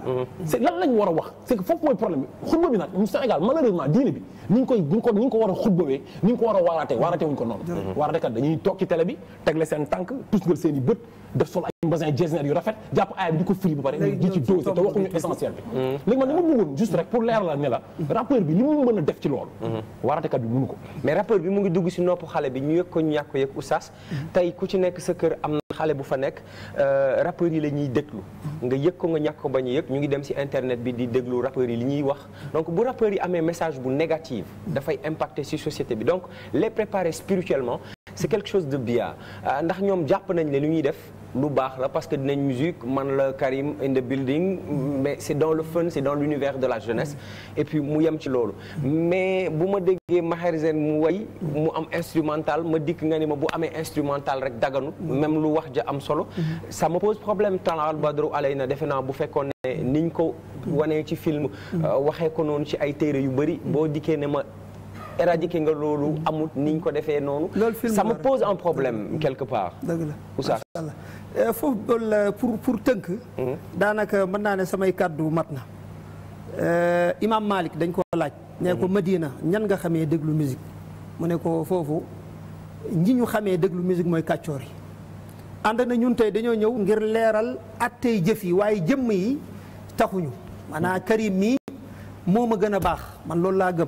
lan lañ war a wax c'est que foofu mooy problème bi xutba bi nag ñu Sénégal malheureusement diine bi ni ñu koy ni ko ni ñu ko war a xutbawee ni ñu ko war a waaraatee waaraatee wuñ ko noonu waaraatekat dañuy toog ci télé bi tegle seen tànk tus ngal bët def son mbasin jesner yu rafet jàpp aaya bi di ko firi ba pare di ci dosé te waxuñu essentiel bi mm. léegi man dama bëggoon juste rek pour leer la ne la rappeur bi li mu mën a def ci loolu mm-hmm. waratekat bi mënu ko mais rappeur bi mu ngi dugg si nopp xale bi ñu yëg ko ñu ñàkk ko yëg oustaz mm-hmm. tey ku ci nekk sa kër am na xale bu fa nekk euh, rappeurs yi la ñuy déglu nga yëg ko nga ñàkk ko bañ a yëg ñu ngi dem si internet bi di déglu rappeurs yi li ñuy wax donc bu rappeurs yi amee message bu négatif dafay impacter si société bi donc les préparer spirituellement c'est quelque chose de bien euh, ndax ñoom jàpp nañ ne lu ñuy def lu baax la parce que dinañ musique man la Karim in the building mais c'est dans le fun c'est dans l'univers de la jeunesse et puis mu yem ci loolu mais bu ma déggee Maher Zen mu way mu am instrumental ma dikk nga ni ma bu amee instrumental rek daganut même lu wax ja am solo ça me pose problème Talal Badru Alayna defe naa bu fekkoon ne niñ ko wanee ci film mm-hmm. waxee ko noonu ci ay téere yu bëri boo dikkee ne ma éradiquer nga loolu amut niñ ko defee noonu. ça sama pose un problème quelque part. dëgg la Moussa. Euh, foofu loolu pour pour tënk. Mm-hmm. daanaka mën naa ne samay kàddu mat na. Euh, Imam Malik dañ ko laaj. nee ko Medina mm-hmm. ñan nga xamee déglu musique mu ne ko foofu ñi ñu xamee déglu musique mooy kàccoor yi. ànd na ñun tey dañoo ñëw ngir leeral at jëf yi waaye jëmm yi taxuñu maanaam Karim moom ma gën a baax man loolu laa gëm.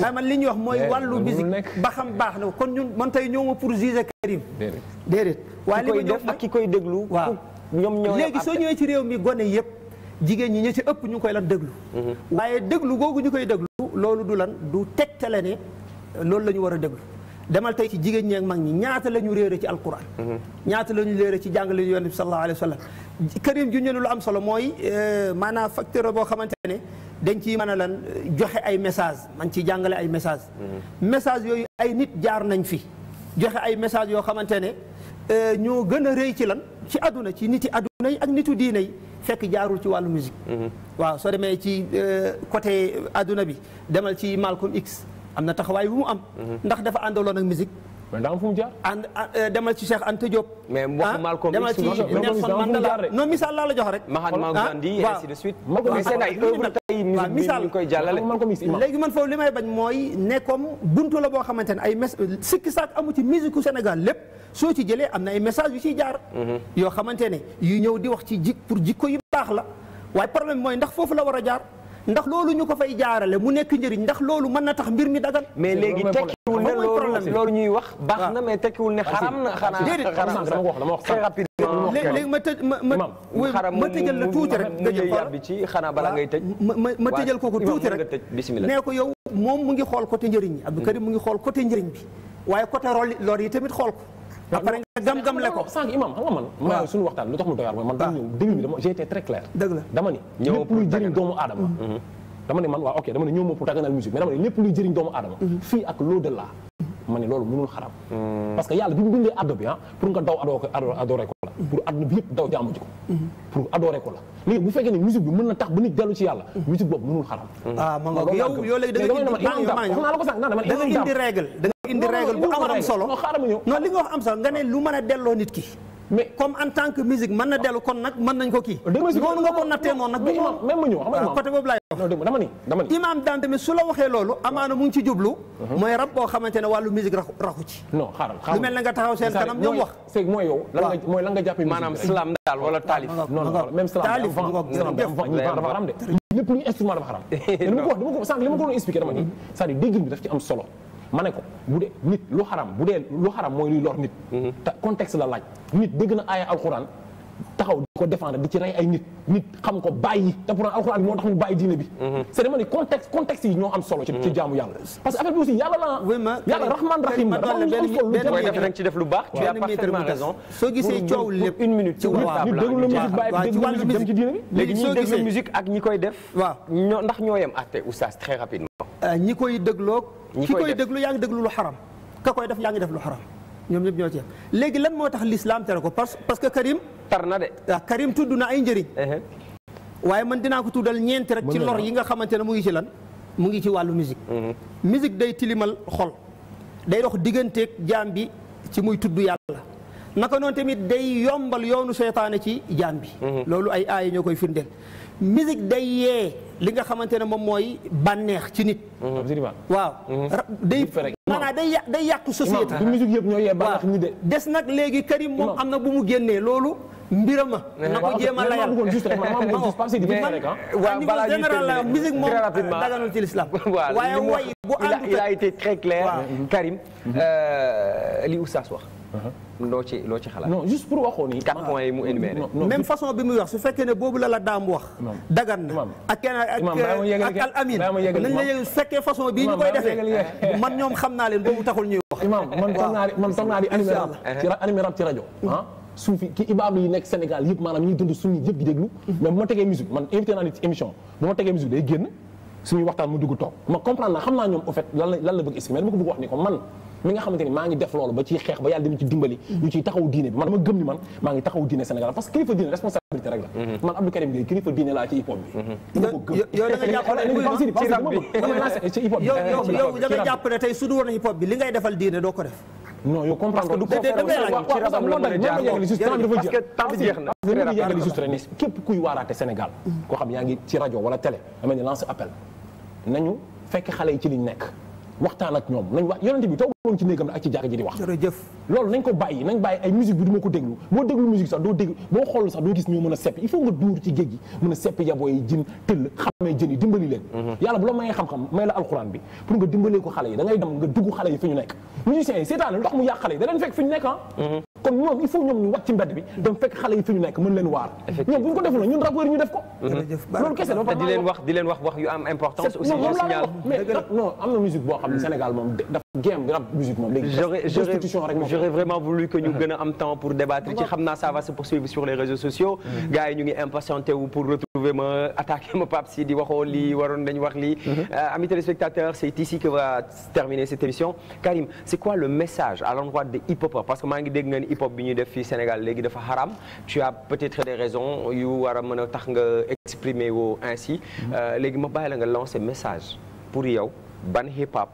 waaye man li ñuy wax mooy wàllu musique ba xam baax na kon ñu man tey ñëw ma pour juger Karim. déedéet déedéet. waaye li ma def ak ki koy déglu. waaw ñoo léegi soo ñëwee ci réew mi gone yëpp jigéen ñi ñi ci ëpp ñu koy lan déglu. Mhm. waaye déglu googu ñu koy déglu. loolu du lan du teg tegtale ne loolu la ñu war a déglu. demal tey ci jigéen ñi ak mag ñi ñaata lañu réer ci alquran mhm. ñaata la ñu réere ci jàngale yonent bi sallallahu alayhi wa sallam karim ju ñu lu am solo mooy euh, maanaam facteur boo xamante ne dañ ciy mën a lan joxe ay message man ci jàngale ay message mm-hmm. message yooyu ay nit jaar nañ fi joxe ay message yoo xamante ne euh, ñoo gën a rëy ci lan ci àdduna ci niti àdduna yi ak nitu diine yi fekk jaarul ci wàllu musique mm-hmm. waaw soo demee ci euh, côté adduna bi demal ci Malcolm X am na taxawaay bu mu am mm-hmm. ndax dafa àndaloon ak musique mais daa am fu mu jaar. ànd demal ci Cheikh Anta Diop. mais ah, waxu Malcolm X demal ci Nelson Mandela non misaal laa la jox rek. Mahatma ah, Gandhi et ainsi de suite. ay œuvre tey misaal ñu koy jàllale. léegi man foofu li may bañ mooy ne comme buntu la boo xamante ay message yu ciy jaar. Mhm. yoo xamante yu ñëw di wax ci jik pour jikko yu baax la waaye problème mooy ndax foofu la war a jaar. ndax loolu ñu ko fay jaarale mu nekk njëriñ ndax loolu man na tax mbir mi dagal mais léegi tekkiwul na loolu problème loolu ñuy wax baax na mais tekkiwul ne xaram na xanaa xaram dama wax dama wax ma tëj ma ma ma tëjal la tuuti rek nga jël yàbbi ci xanaa bala ngay tëj ma ma tëjal kooku tuuti rek bismillah nee ko yow moom mu ngi xool côté njëriñ Abdou Karim mu ngi xool côté njëriñ bi waaye côté rol lor yi tamit xool ko après nga gam-gam le ko imam xam nga man ma suñu waxtaan lu tax mu doy waar mooy man dama ñëw début bi dama j'ai été très clair dëgg la dama ni lépp luy jëriñ doomu dama ne man waa ok dama ne ñëw ma pour daganal musique mais dama ne lépp luy jëriñ doomu aadama mhm. fii ak l'au-delà ma ne loolu mënul xaram mm. parce que yàlla bi mu addo bi ah pour nga daw mhm. mhm. la léegi bu fekkee ne musique bi mën na tax ba nit dellu ci yàlla musique boobu mënul xaram mm. ah man nga yow yow indi wax naa la ko sànq da nga indi règle da bu am am solo non li nga wax am solo nga ne lu mën a delloo nit ki mais comme en tant que musique mën na dellu kon nag mën nañ ko kii noonu nga ko nattee noonu nag du imam même mu ñëw xam nga côté su la waxee loolu amaana mu ngi ci jublu mhm. mooy rab boo xamante wàllu musique raxu raxu ci lu mel na nga taxaw seen kanam ñoom wax c'est mooy yow lan nga mooy lan nga daal wala taalif non non même slam taalif dafa xaram de lépp luy instrument dafa xaram dama ko wax dama ko sànq li ma ko doon ma ne ko bu dee nit lu xaram bu dee lu xaram mooy luy lor nit. Mhm. te contexte la laaj nit dégg na aaya alxuraan taxaw ko défendre di ci rey ay nit nit xam ko bàyyi te pourtant alxuraan bi moo tax mu bàyyi diine bi. Mhm. c' est dama ni yi ñoo am solo. ci mhm. jaamu yàlla parce que affaire bi aussi yàlla la. yàlla rahman rahim la dafa am solo lu jëm ci def lu baax. tu as parfaitement soo gisee coow lépp une minute ci waaw ñu déglu la musique bàyyi dem ci diine bi. koy def. waaw ñoo ndax ñoo euh, koy dégloog ki koy déglu yaa ngi déglu lu xaram ka koy def yaa ngi def lu xaram ñoom ñëpp ñoo ci yem léegi lan moo tax l'islam tere ko parce parce que Karim. tar na de. waaw Karim tudd na ay njëriñ. waaye man dinaa ko tuddal ñeenti rek. ci lor yi nga xamante ne mu ngi ci lan mu ngi ci wàllu musique. musique day tilimal xol day dox digganteeg jaam bi ci muy tudd yàlla. naka noonu tamit day yombal yoonu seytaane ci jaam bi. Mhm. loolu ay aaya ñoo koy firndeel. musique day yee li nga xamante ne moom mooy bànneex ci nit. Mhm. waaw. Mhm. day maanaam day yàq day yàq société. du musique yëpp ñoo yee bànneex des nag léegi Karim moom am na bu mu génnee loolu. mbirama eh, na ko jéem a layal waaw ah, balaa général la musique moom daganul ci l'islam waaye way bu ànd il a été très clair euh, li oustaz wax Uh-huh. loo ci loo ci xalaat. non juste pour waxoon ni. quatre points yi mu énuméré. même façon bi muy wax su fekkee ne boobu la la daam wax. dagan na ak kenn ak al amin nañ la yëg su fekkee façon bii ñu koy defee man ñoom xam naa leen boobu taxul ñuy wax. imam man toog naa di man toog naa di animé rab ci animé rab ci rajo. Mm-hmm. Ah? suufi ki ibaab yi nekk Sénégal yëpp maanaam ñuy dund sunni yëpp di déglu. Mm-hmm. mais bu ma tegee musique man invité naa nit ci émission bu ma tegee musique day génn suñuy waxtaan mu dugg toog ma comprendre naa xam naa ñoom au fait lan la lan la bëgg exprimer dama wax ni ko man mi nga xamante ni maa ngi def loolu ba ciy xeex ba yàlla di ma ci dimbali ñu ciy taxaw diine bi man dama gëm ni man maa ngi taxaw diine Sénégal parce que kilifa diine responsable personnalité rek la mhm. man Abdou Karim Gueye kilifa laa ci hip hop bi dama mhm. yow da jàpp ne tey su du woon hip hop bi li ngay defal diine doo ko def non yow comprendre du ko yàggali képp kuy waaraate Sénégal koo xam yaa ngi ci rajo wala télé dama lance appel nañu fekk xale yi ci liñ nekk waxtaan ak ñoom nañ wax yonente bi toogoon ci néegam ak ci jàkka ji di wax jërëjëf nañ ko bàyyi nañ bàyyi ay musique bi du ko déglu boo déglu musique sax doo déglu boo xool sax doo gis ñoo mën a seppi il faut nga duur ci géej gi mën a seppi yaboo yi jën tëll xamee jën yi dimbali leen mhm. yàlla bu la mayee xam-xam may la alxuraan bi pour nga dimbalee ko xale yi da dem nga dugg xale yi fi ñu nekk musiciens yi seetaan lu tax mu yàq xale yi da kon ñoom il ñoom ñu wàcc ci bi dem fekk xale fi ñu nekk mën leen waar ñoom bu ko deful ñun rappeurs yi ñu def ko loolu kese di leen wax di leen wax wax yu am importance aussi je signale non am na musique boo xam ne Sénégal moom game rap musique moom léegi. j'aurais vraiment voulu que ñu ah. gën a am temps pour débattre ci xam naa ça va se poursuivre sur les réseaux sociaux. Mm-hmm. gars yi ñu ngi impatienté wu pour retrouver ma attaqué ma Pape Sidi waxoo lii mm-hmm. waroon nañu wax lii. Mm-hmm. Euh, amis téléspectateurs c'est ici que va terminer cette émission Karim c'est quoi le message à l'endroit des hip-hopeurs parce que maa ngi dégg nga ni hip-hop bi ñuy def fii Sénégal léegi dafa haram tu as peut-être des raisons yu war a mën a tax nga exprimer woo ainsi. Euh, léegi ma bàyyi la nga lancer message pour yow ban hip-hop.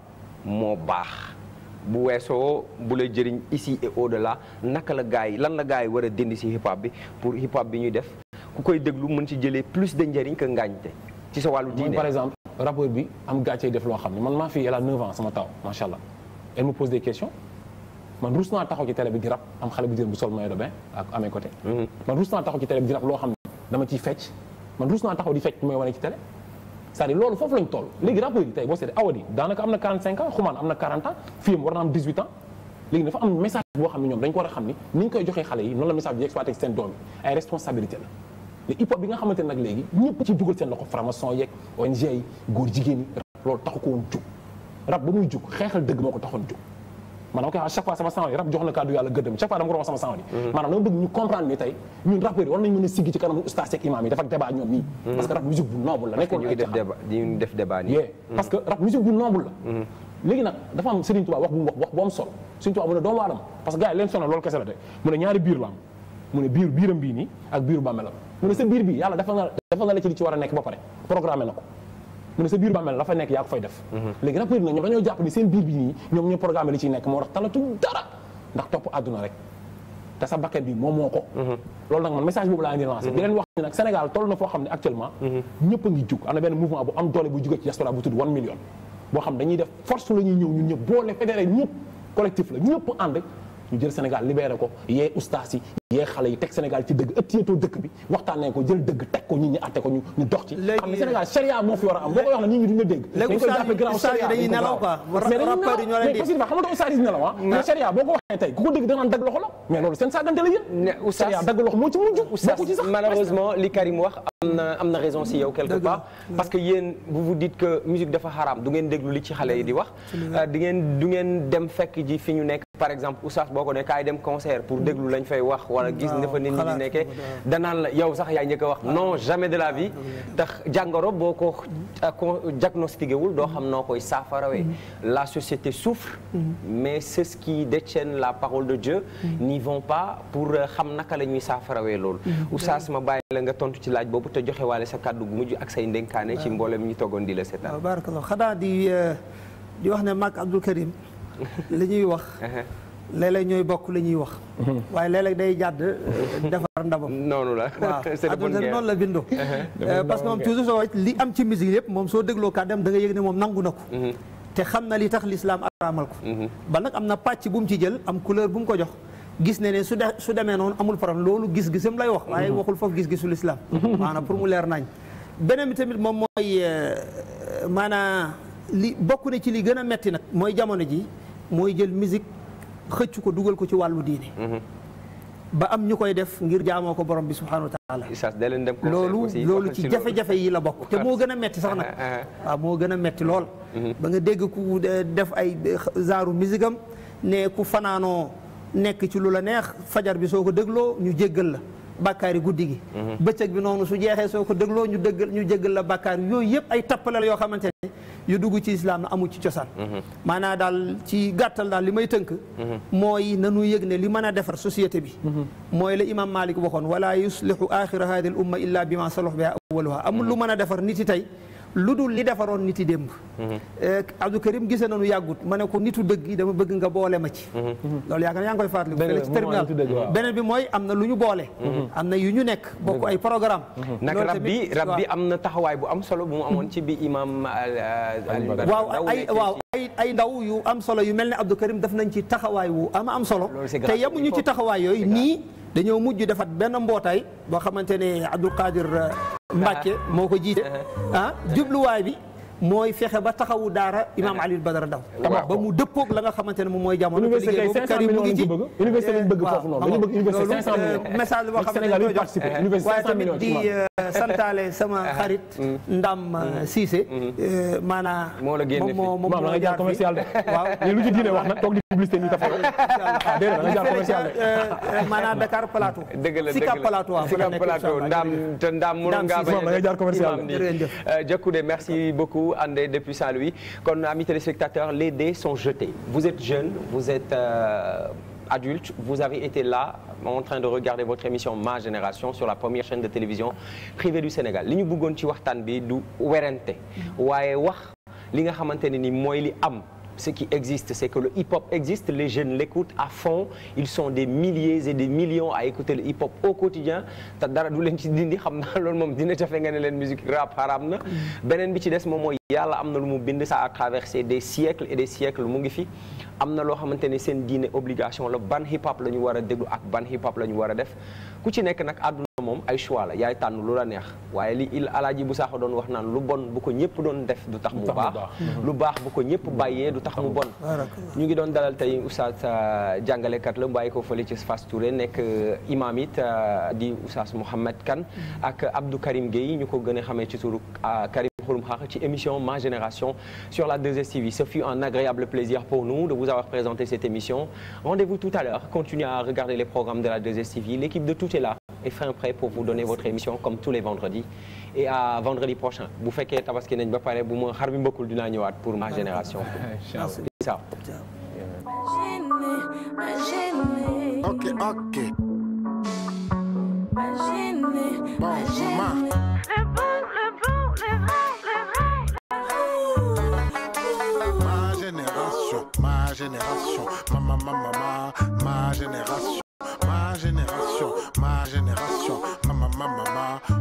moo baax bu weesoo bu la jëriñ ici et au delà naka la gars yi lan la gars yi war dindi ci hip hop bi pour hip hop bi ñuy def ku koy déglu mën ci jëlee plus de njëriñ que ngaañte ci sa wàllu diine par exemple rappeur bi am gàccee def loo xam ne man maa fi elle a ans sama taw macha allah elle me pose des questions man rus naa taxaw ci télé bi di rap am xale bu jigéen bu sol maillot de bain ak amee côté. Mhm. man rus naa taxaw di loo xam ne dama ciy fecc man rus di fecc mooy wane ci c'est-à-dire loolu foofu lañ toll léegi rapport yi tey boo seetee awadi daanaka am na 45 ans xumaan am na 40 ans fii am war na am 18 ans léegi dafa am message boo xam ne ñoom dañ war a xam ni ni koy joxee xale yi noonu la message bi exploité seen doom ay responsabilité la le bi nga xamante ne nag léegi ñëpp ci dugal seen loxo franc-maçon yeeg ONG yi góor jigéen yi loolu taxu ko woon jug rab ba muy jug xeexal dëgg moo ko taxoon jug man dama koy wax chaque fois sama sens yi rap jox na kàddu yàlla gëddam chaque fois dama ko sama sens yi maanaam dama bëgg ñu comprendre ni tey ñun rappeurs yi war nañu mën a siggi ci kanamu oustaz imam yi dafa débat ñoom nii hmm. parce que rap musique bu noble la nekkoon ay ñu def hmm. hmm. léegi nag dafa am Serigne Touba wax bu mu wax wax bu am solo mu ne doomu aadama parce que gars yi leen sonal loolu kese la de mu ne ñaari biir la am mu ne biir biiram bii nii ak biiru bàmmeelam mu ne sa biir bi yàlla dafa na dafa na la a ko mu ne sa biir bàmmeel la fa nekk yaa ko fay def mhm. léegi rappeur na ñoom dañoo jàpp ni seen biir bi nii ñoom ñoo programme li ciy nekk moo tax talatu dara ndax topp àdduna rek te sa bakkan bi moom moo ko mhm. loolu nag man message boobu laa indi lancé mhm. di leen wax ni nag Sénégal toll na foo xam ne actuellement ñëpp a ngi jug am na benn mouvement bu am doole bu jóge ci diaspora bu tudd one million boo xam dañuy def force la ñuy ñëw ñun ñëpp boole fédéré ñëpp collectif la ñëpp ñu jël Sénégal libéré ko yee ustaas yi yee xale yi teg Sénégal ci dëgg ëttiyeetoo dëkk bi waxtaanee ko jël dëgg teg ko nit ñi atte ko ñu ñu dox ci xam ne Sénégal charia moo fi war a am boo ko wax na nit ñi duñu la dégg dañ ah? ah. dafa xaraam du déglu li ci xale yi di wax euh, di ngeen dem fekk ji fi ñu nekk par exemple oustaz boo ko ne kaay dem concert pour déglu lañ fay wax wala gis ne nit ñi di danaan la yow sax yaa njëkk a wax non jamais de la vie tax ah, jàngoro boo ko ah, diagnostiqué doo xam noo koy saafarawee mm-hmm. la société souffre mm-hmm. mais ceux qui détiennent la parole de Dieu mm-hmm. n'y vont pas pour euh, xam naka la ñuy saafarawee loolu oustaz ma bàyyi la nga tontu ci laaj boobu te joxe waale sa kàddu gu mujj ak say ndénkaane ci mboolem ñu toggoon di la seetaan barakallah di euh, di wax ne li ñuy wax léeg-léeg ñooy bokk li ñuy wax mhm. waaye léeg day jàdd euh, defar ndabam noonu la waaw adduna noonu la bindoo euh, parce que moom toujours soo li am ci musique yëpp moom soo dégloo kàddam da nga yëg ne moom nangu na ko mhm. te xam na li tax lislaam araamal ko mhm. ba nag am na pàcc bu mu ci jël am couleur bu mu ko jox gis ne ne su de su demee noonu amul problème loolu gis-gisam lay wax waaye waxul foofu gis-gisu lislaam maanaam pour mu leer nañ beneen bi tamit moom mooy euh, li bokk na ci li gën a metti nag mooy jamono ji mooy jël musique xëcc ko dugal ko ci wàllu diine. Mhm. ba am ñu koy def ngir jaamoo ko borom bi subhaanahu wa taala loolu loolu ci jafe-jafe yi la bokk te moo gën a metti sax nag ah, ah. waaw moo gën a metti lool mhm. ba nga dégg ku def ay genre musique am ne ku fanaanoo nekk ci lu la neex fajar bi soo ko dégloo ñu jéggal la bàkkaari guddi gi mhm. bëccëg bi noonu su jeexee soo ko dégloo ñu dëggal ñu jéggal la bàkkaar yooyu yëpp ay tappalal yoo xamante ne yu dugg ci islam na amul ci cosaan mhm. maanaam daal ci gàttal daal li may tënk mhm. mooy nanu yëg ne li mën a defar société bi mooy la imam Malik waxoon wala yuslihu axira hadi al umma illa bima salahu biha awaluha amul lu mën a defar nit yi tey lu dul li defaroon nit yi démb. Mhm. Eh, Abdou Karim gisee nañu yàggut ma ne ko nitu dëgg yi dama bëgg nga boole ma ci. Mhm. Mhm. loolu yaakaar yaa ngi koy fàttali. beneen ci terminal beneen bi mooy am na lu ñu boole. am na yu ñu nekk bokk ay programme nag rab bi bi am na taxawaay bu am solo bu mu amoon ci bi imam euh, euh, waaw ay waaw ay ay ndaw yu am solo yu mel ni Abdou Karim daf nañ ci taxawaay wu am am solo. te ñu ci taxawaay yooyu nii. dañoo mujj defat benn mbootaay boo xamante ne Abdul Qadir Mbàkke moo ko jiite ah jubluwaay bi mooy fexe ba taxawu daara imaam eh. Aliou Badara Ndaw eh, ba mu dëppoog la nga xamante ne moom mooy jamono liggéey boobu Karim mu ngi ci université lañ bëgg eh, foofu noonu dañu bëgg université boo xam ne dañ koy jox waaye tamit di moo moom moo jaar fi waaw lu ci diine wax nag toog di publicité ñu taf ah, da nga jaar commercial de euh, euh, maanaa Dakar Plateau dëgg la Sika Plateau waaw Sika Plateau Ndam a jaar commercial jëkku de euh, merci beaucoup vous àndee depuis Saint-Louis kon amis téléspectateurs les dés sont jetés vous êtes jeune vous êtes euh, vous avez été là en train de regarder votre émission Ma Génération sur la première chaîne de télévision privée du Sénégal li ñu bëggoon ci bi du werante mm. waaye wax li nga xamante ni mooy li am ce qui existe, c'est que le hip-hop existe, les jeune l'écoutent à fond, ils sont des milliers et des millions à écouter le hip-hop au quotidien te dara du leen ci dindi xam naa loolu moom dina jafe nga ne leen musique rap haram na beneen bi ci des moom mooy yàlla am na lu mu bind sa a traversé des siècles et des siècles mu ngi fi am na loo xamante ne seen diine obligation la ban hip-hop la ñu war a déglu ak ban hip-hop la ñu war a def ku ci nekk nag àdduna moom ay choix la yaay tànn lu la neex waaye li il alaaji bu saaxa doon wax naan lu bon bu ko ñëpp doon def du tax mu baax mm-hmm. lu baax bu ko ñëpp bàyyee du tax mu bon ñu ngi doon dalal tey oustaz euh, jàngalekat la bàyyi ko fële ci Fass nekk euh, imam euh, di oustaz Mouhamed Kane mm-hmm. ak Abdou Karim Gueye ñu ko gën a ci turu Karim Xurum Xax ci émission Ma Génération sur la stv ce fut un agréable plaisir pour nous de vous avoir présenté cette émission rendez tout est prêt pour vous donner votre émission comme tous les vendredis et à vendredi prochain bu fekkee tabaski nañ ba pare bu ma xar bi mbëkkul dinaa ñëwaat pour ma génération ma génération ma génération ma ma ma génération Ma génération, ma génération, ma ma ma ma ma